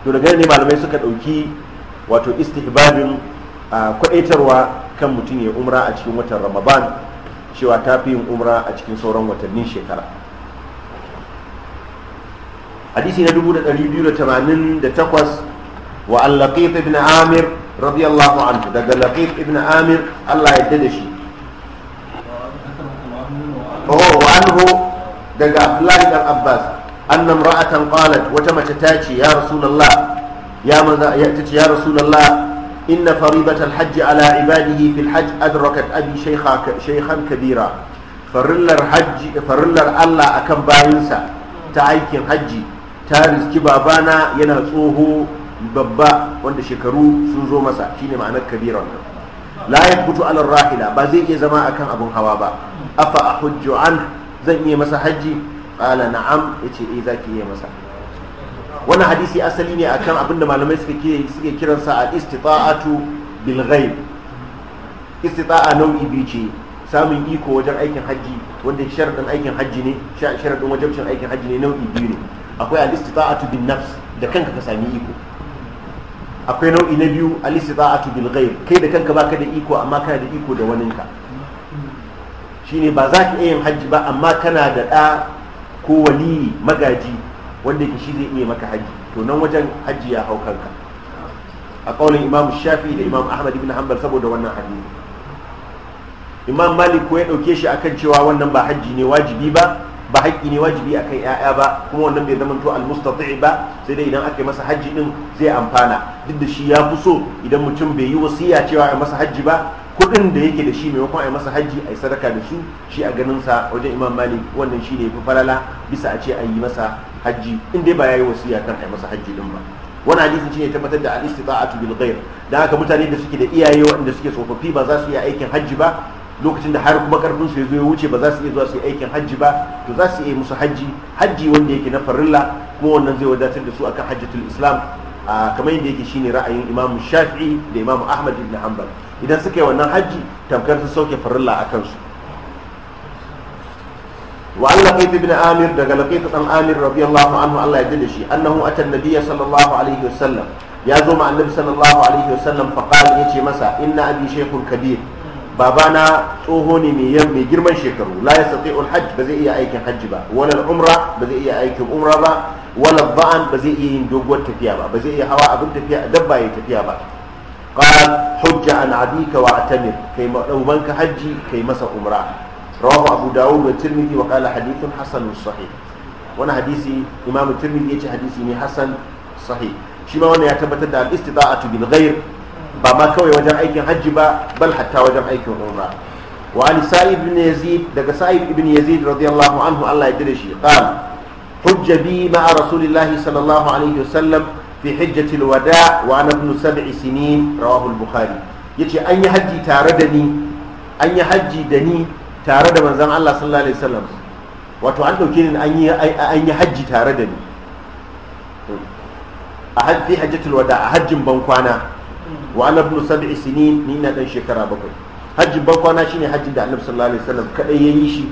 to daga ne malamai suka dauki wato istihbabin kwa'itarwa kan mutum ya umra a cikin watan ramadan cewa ta fi yin umra a cikin sauran watannin shekara hadisi na 2288 wa al-laqif ibn amir radiyallahu anhu daga laqif ibn amir Allah ya dade shi oh daga abdullahi dan abbas anna imra'atan qalat wata mace ta ce ya rasulullah ya maza ya tace ya rasulullah inna faridatal hajji ala ibadihi fil hajj adrakat abi shaykha shaykhan kabira farillar hajji farillar Allah akan bayinsa ta aikin hajji ta riski babana yana tsoho babba wanda shekaru sun zo masa shine ma'anar kabiran nan la yakutu rahila ba zai iya zama akan abun hawa ba afa hujjo an zan iya masa haji kala na'am yace eh zaki iya masa wannan hadisi asali ne akan abin da malamai suka ke suke kiransa a istita'atu bil ghaib istita'a nau'i biyu ce samun iko wajen aikin haji wanda sharadin aikin haji ne sharadin wajibcin aikin haji ne nau'i biyu ne akwai al-istita'atu bin nafs da kanka ka sami iko akwai nau'i na biyu al-istita'atu bil ghaib kai da kanka baka da iko amma kana da iko da waninka shine ba za ka iya yin hajji ba amma kana da ɗa ko wali magaji wanda yake shi zai iya maka hajji to nan wajen hajji ya hau kanka a ƙaunin imam shafi da imam ahmad ibn hanbal saboda wannan hadisi imam malik ko ya ɗauke shi akan cewa wannan ba hajji ne wajibi ba ba haƙƙi ne wajibi akan ƴaƴa ba kuma wannan bai zama to almustati ba sai dai idan aka masa hajji din zai amfana duk da shi ya fi so idan mutum bai yi wasiya cewa a masa hajji ba kuɗin da yake da shi maimakon a masa hajji a yi sadaka da su shi a ganin sa wajen imam malik wannan shi ne fi falala bisa a ce a yi masa hajji in dai ba ya yi wasiya kan a masa hajji din ba wani hadisi ne tabbatar da al-istita'atu bil ghayr dan haka mutane da suke da iyaye waɗanda suke tsofaffi ba za su iya aikin hajji ba lokacin da har kuma karfin su zo ya wuce ba za su iya zuwa su yi aikin hajji ba to za su iya musu hajji hajji wanda yake na farilla kuma wannan zai wadatar da su akan hajjatul islam kamar yadda yake shine ra'ayin imamu shafi'i da imamu ahmad ibn hanbal idan suka yi wannan hajji tamkar su sauke farilla a kansu wa Allah kai ibn amir daga laqita dan amir radiyallahu anhu Allah ya dade shi annahu atan nabiyya sallallahu alaihi wasallam ya zo ma annabi sallallahu alaihi wasallam fa qala yace masa inna abi shaykhun kabir babana tsoho ne mai girman shekaru la ya sati hajj ba zai iya aikin hajji ba wala umra ba zai iya aikin umra ba wala ba'an ba zai iya yin doguwar tafiya ba ba zai iya hawa abin tafiya dabba ya tafiya ba qal hujja an abika wa atamir kai ma daubanka hajji kai masa umra rawahu abu dawud wa tirmidhi wa qala hadithun hasan sahih wani hadisi imam tirmidhi yace hadisi ne hasan sahih shi ma wannan ya tabbatar da al-istita'atu bil ghair ba ma kawai wajen aikin hajji ba bal hatta wajen aikin umra wa an sa'id ibn yazid daga sa'id ibn yazid radiyallahu anhu Allah ya dade shi qala hujja bi ma'a rasulillah sallallahu alaihi wasallam fi hajjati alwada wa ana ibn sab'i sinin rawahu al-bukhari yace an yi haji tare da ni an yi haji da ni tare da manzon Allah sallallahu alaihi wasallam wato an dauke ni an yi an yi haji tare da ni a hajji hajjatul wada a hajjin ban kwana wa ana ibn sab'i sinin ni na dan shekara bakwai Hajji bankwana shine hajji da annabi sallallahu alaihi wasallam kadai yayi shi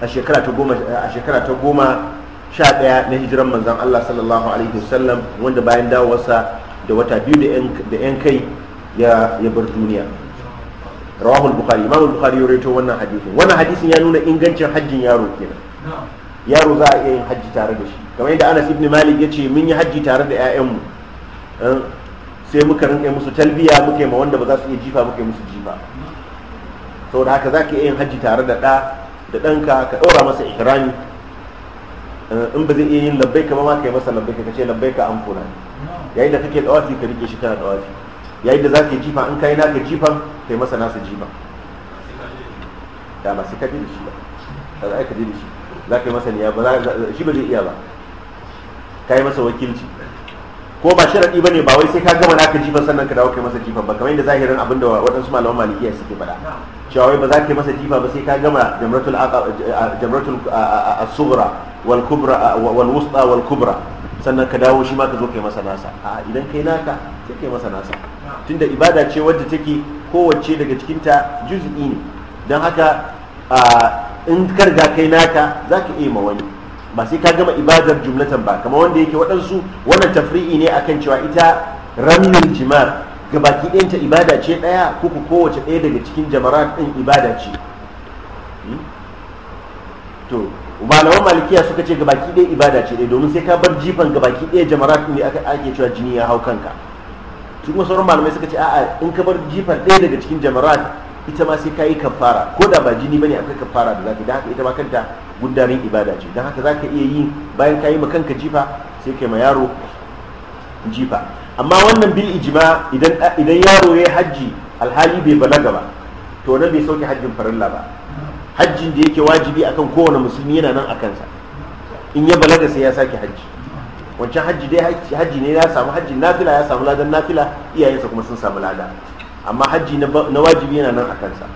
a shekara ta goma a shekara ta goma sha ɗaya na hijiran manzan Allah sallallahu alaihi wasallam wanda bayan dawowarsa da wata biyu da yan kai ya bar duniya rawahul bukhari imamul bukhari ya rawaito wannan hadisin wannan hadisin ya nuna ingancin hajjin yaro kenan yaro za a iya yin hajji tare da shi kamar yadda Anas ibn Malik ya ce mun yi hajji tare da 'ya'yanmu sai muka rinƙe musu talbiya muke ma wanda ba za su iya jifa muke musu jifa saboda haka za ka yi yin hajji tare da ɗa da ɗanka ka ɗora masa ikirani eh, in ba zai iya yin labbai kama ma ka yi masa labbai ka ce labbai ka an kuna yayin da kake ɗawafi ka rike shi kana ɗawafi yayin da za ka yi jifa in ka yi naka jifan ka yi masa nasa jifa da ba sai ka da shi ba za ka da shi za ka yi masa ba shi ba zai iya ba ka yi masa wakilci ko ba sharadi bane ba wai sai ka gama naka jifan sannan ka dawo kai masa jifan ba kamar yadda zahirin abin da waɗansu malaman malikiya suke faɗa cewa wai ba za ka yi masa jifa ba sai ka gama jamratul jamratul as wal kubra wal wusta wal kubra sannan ka dawo shi ma ka zo kai masa nasa a idan kai naka sai kai masa nasa tunda ibada ce wadda take kowace daga cikin ta juz'i ne don haka in karga kai naka za ka iya ma wani ba sai ka gama ibadar jumlatan ba kamar wanda yake waɗansu wannan tafri'i ne akan cewa ita ramin jimar gabaki ɗayanta ibada ce ɗaya ko ku kowace ɗaya daga cikin jamarat ɗin ibada ce hmm? to malaman malikiya suka ce gabaki ɗaya ibada ce ɗaya domin sai ka bar jifan gabaki ɗaya jamarat ɗin ne ake cewa jini ya hau kanka su kuma sauran malamai suka ce a'a in ka bar jifan ɗaya daga cikin jamarat ita ma sai ka yi kafara ko da ba jini bane akwai kafara da yi da haka ita ma kanta gudanar ibada ce don haka za ka iya yi bayan ka yi ma kanka jifa sai ka yi ma yaro jifa amma wannan bil ijma idan yaro ya hajji alhali bai balaga ba to na bai sauke hajjin farilla ba hajjin da yake wajibi akan kowane musulmi yana nan a kansa in ya balaga sai ya sake hajji wancan hajji dai hajji ne ya samu hajji nafila ya samu ladan nafila iyayensa kuma sun samu lada amma hajji na wajibi yana nan a kansa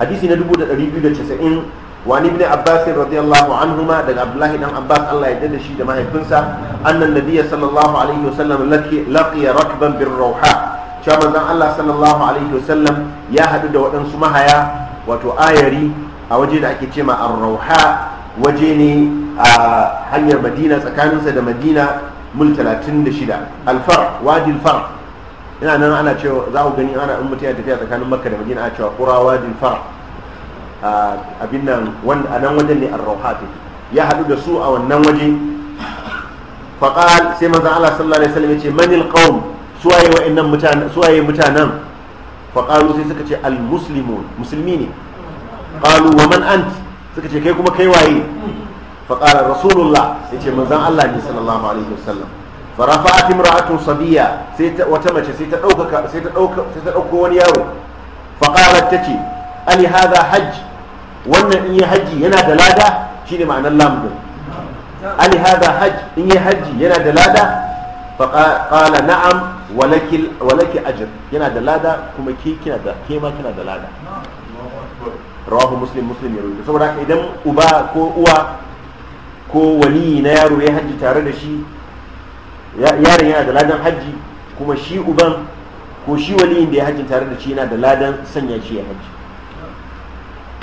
hadisi na 2290 وعن ابن عباس رضي الله عنهما دل عبد الله بن عباس الله يدل شيء ما يكنسا أن النبي صلى الله عليه وسلم لقي, لقي ركبا بالروحاء شاما زن الله صلى الله عليه وسلم يا هدد ودن سمهيا وتو آيري أوجد أكتما الروحاء وجيني hanyar madina tsakaninsa da madina mil 36 alfar wadi alfar ina nan ana cewa za ku gani ana in mutum ya tafiya tsakanin makka da madina a cewa kura wadi alfar abin nan a nan wajen ne arrauhati ya haɗu da su a wannan waje faƙal sai manzan Allah sallallahu alaihi wasallam ya ce manil qaum suwaye wa'annan mutanen suwaye mutanen faƙalu sai suka ce almuslimun musulmi ne ƙalu wa man ant suka ce kai kuma kai waye faƙalar rasulullah sai ce manzan Allah ne sallallahu alaihi wasallam farafa'at imra'atun sabiya sai wata mace sai ta ɗauka sai ta ɗauko wani yaro faƙalar ta ce ali hadha hajj wannan in yi hajji yana da lada shine ma'anar lam din ali hada hajj in yi hajji yana da lada faƙala na'am walaki ajir yana da lada kuma ke kina da ke ma kina da lada rawahu muslim muslim ya rubuta saboda idan uba ko uwa ko wani na yaro ya hajji tare da shi yaron yana da ladan hajji kuma shi uban ko shi waliyin da ya hajji tare da shi yana da ladan sanya shi ya hajji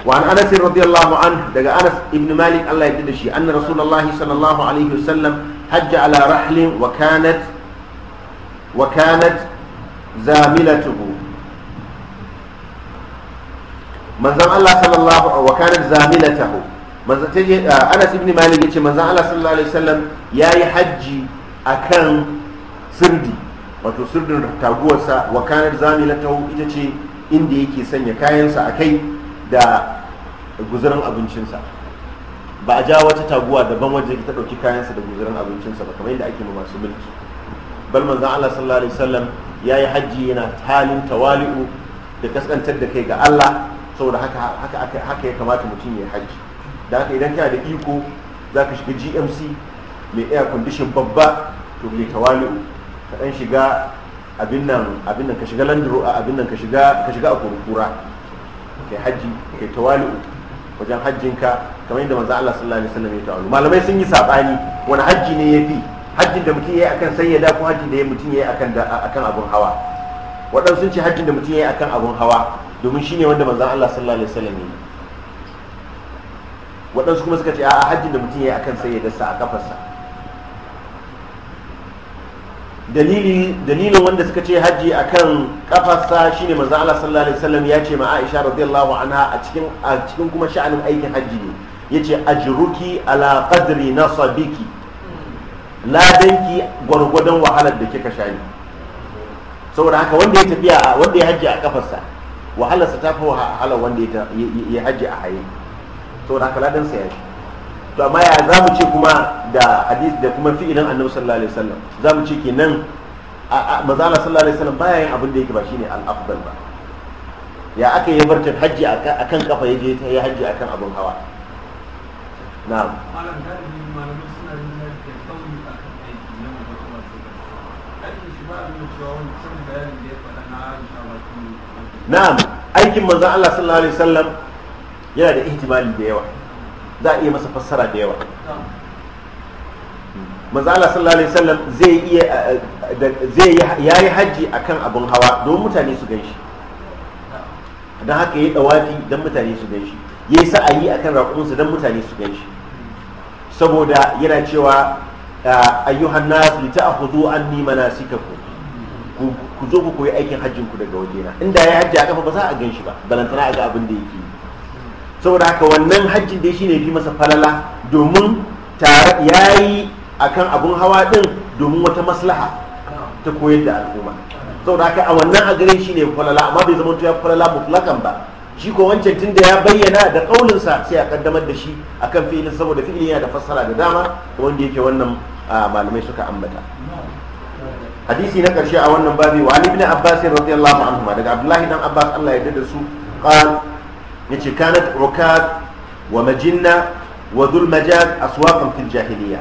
وعن أنس رضي الله عنه دقى أنس ابن مالك الله يددشي أن رسول الله صلى الله عليه وسلم حج على رحل وكانت وكانت زاملته manzan Allah sallallahu wa kanat zamilatahu manzan taje Anas ibn Malik yace الله صلى الله عليه وسلم يا hajji akan سردي wato sirdin taguwarsa wa kanar zamilatau ita ce inda yake sanya kayansa a kai da guzuran abincinsa ba a ja wata taguwa daban wajen ta ɗauki kayansa da guzuran abincinsa ba kamar yadda ake ma masu mulki bal manzon Allah sallallahu alaihi wasallam yayi hajji yana halin tawali'u da kaskantar da kai ga Allah saboda haka haka haka ya kamata mutum ya hajji da haka idan kana da iko zaka shiga GMC mai air condition babba to mai tawali'u ka dan shiga abin nan abin nan ka shiga landro abin nan ka shiga ka shiga a kurkura kai hajji kai tawali'u wajen hajjinka kamar yadda manzo Allah sallallahu alaihi wasallam ya ta'alu malamai sun yi sabani wani hajji ne yafi hajjin da mutum yayi akan sayyada ko hajjin da mutum yayi akan akan abun hawa waɗansu sun ce hajjin da mutum yayi akan abun hawa domin shine wanda manzo Allah sallallahu alaihi wasallam yayi waɗansu kuma suka ce a'a hajjin da mutum yayi akan dasa a kafarsa dalilin wanda suka ce hajji akan kafarsa shine maza Allah sallallahu alaihi wasallam ya ce ma Aisha radiyallahu anha a cikin a cikin kuma sha'anin aikin hajji ne yace ajruki ala qadri nasabiki ladanki gwargwadon wahalar da kika sha ne saboda haka wanda ya tafiya wanda ya hajji a kafarsa wahalarsa ta fi wahalar wanda ya hajji a haye saboda haka ladansa ya shi to amma ya za mu ce kuma da hadith da kuma fi'ilin annabi sallallahu alaihi wasallam za mu ce kenan manzo Allah sallallahu alaihi wasallam baya yin abin da yake ba shine al-afdal ba ya aka yi barkin haji akan kafa ya je ta yi hajji akan abin hawa na'am na'am aikin manzo Allah sallallahu alaihi wasallam yana da ihtimali da yawa za a iya masa fassara da yawa manzo sallallahu alaihi wasallam zai iya zai yayi haji akan abun hawa don mutane su ganshi don haka yayi dawafi don mutane su ganshi yayi sa'ayi akan raƙuminsa don mutane su ganshi saboda yana cewa ayyuhan nas li ta'khudhu anni manasikakum ku zo ku koyi aikin hajjin ku daga wajena inda ya hajji a kafa ba za a ganshi ba balantana a ga abin da yake yi saboda haka wannan hajjin da shi ne bi masa falala domin ya yi a kan abin hawa ɗin domin wata maslaha ta koyar da al'umma saboda haka a wannan a gare shi ne falala amma bai zama ya falala mutlakan ba shi ko wancan tun da ya bayyana da ƙaulinsa sai a kaddamar da shi akan fi'ilin saboda fi'ilin yana da fassara da dama wanda yake wannan malamai suka ambata hadisi na karshe a wannan babi wa ibn abbas radiyallahu anhu daga abdullahi dan abbas Allah ya yarda su qala yace kanat ukad wa majinna wa dhul majad aswaqan fil jahiliya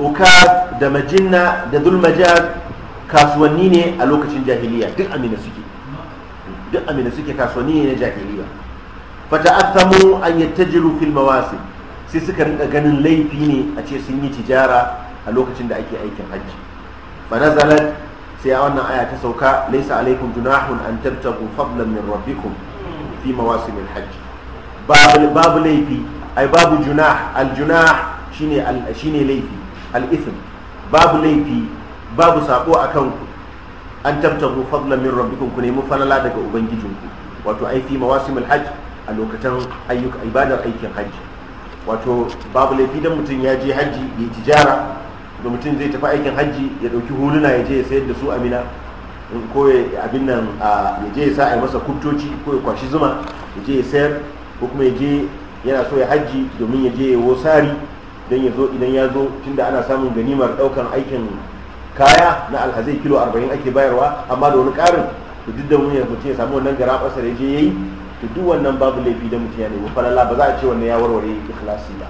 ukad da majinna da dhul majad kasuwanni ne a lokacin jahiliya duk amina suke duk amina suke kasuwanni ne na jahiliya fata'athamu an yattajiru fil mawasim sai suka rinka ganin laifi ne a ce sun yi tijara a lokacin da ake aikin hajji fa nazalat sai a wannan aya ta sauka laisa alaikum junahun an tabtagu fadlan min rabbikum fi mawasimin babu laifi ai babu junah aljunah shine laifi al-ithm babu laifi babu saƙo akan ku an tabtahu fadlan min rabbikum ku nemi falala daga ubangijinku wato ai mawasimul hajj a lokacin ayyuka ibadar aikin hajji wato babu laifi dan mutum ya je hajji ya tijara da mutum zai tafi aikin hajji ya ɗauki huluna ya je ya sayar da su amina ko abin nan ya je ya sa a masa kuttoci ko ya kwashi zuma ya je ya sayar ko kuma ya je yana so ya hajji domin ya je ya wosari don ya zo idan ya zo tunda ana samun ganimar daukan aikin kaya na alhazai kilo 40 ake bayarwa amma da wani karin to duk da wani mutum ya samu wannan gara basar ya je yayi to duk wannan babu laifi da mutum ya nemi falala ba za a ce wannan ya warware ikhlasi ba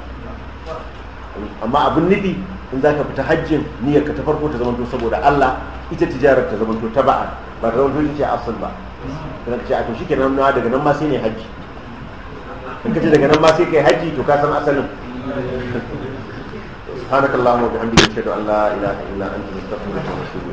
amma abin nufi in za ka fita hajjin niyyar ka ta farko ta zamanto saboda Allah ita tijarar ta zamanto ta ba'a ba ta zamanto ita asal ba kana ce a to shikenan na daga nan ma sai ne hajji in ka ce daga nan ma sai kai hajji to ka san asalin wa اللهم وبحمدك اشهد ان لا اله الا انت نستغفرك ونتوب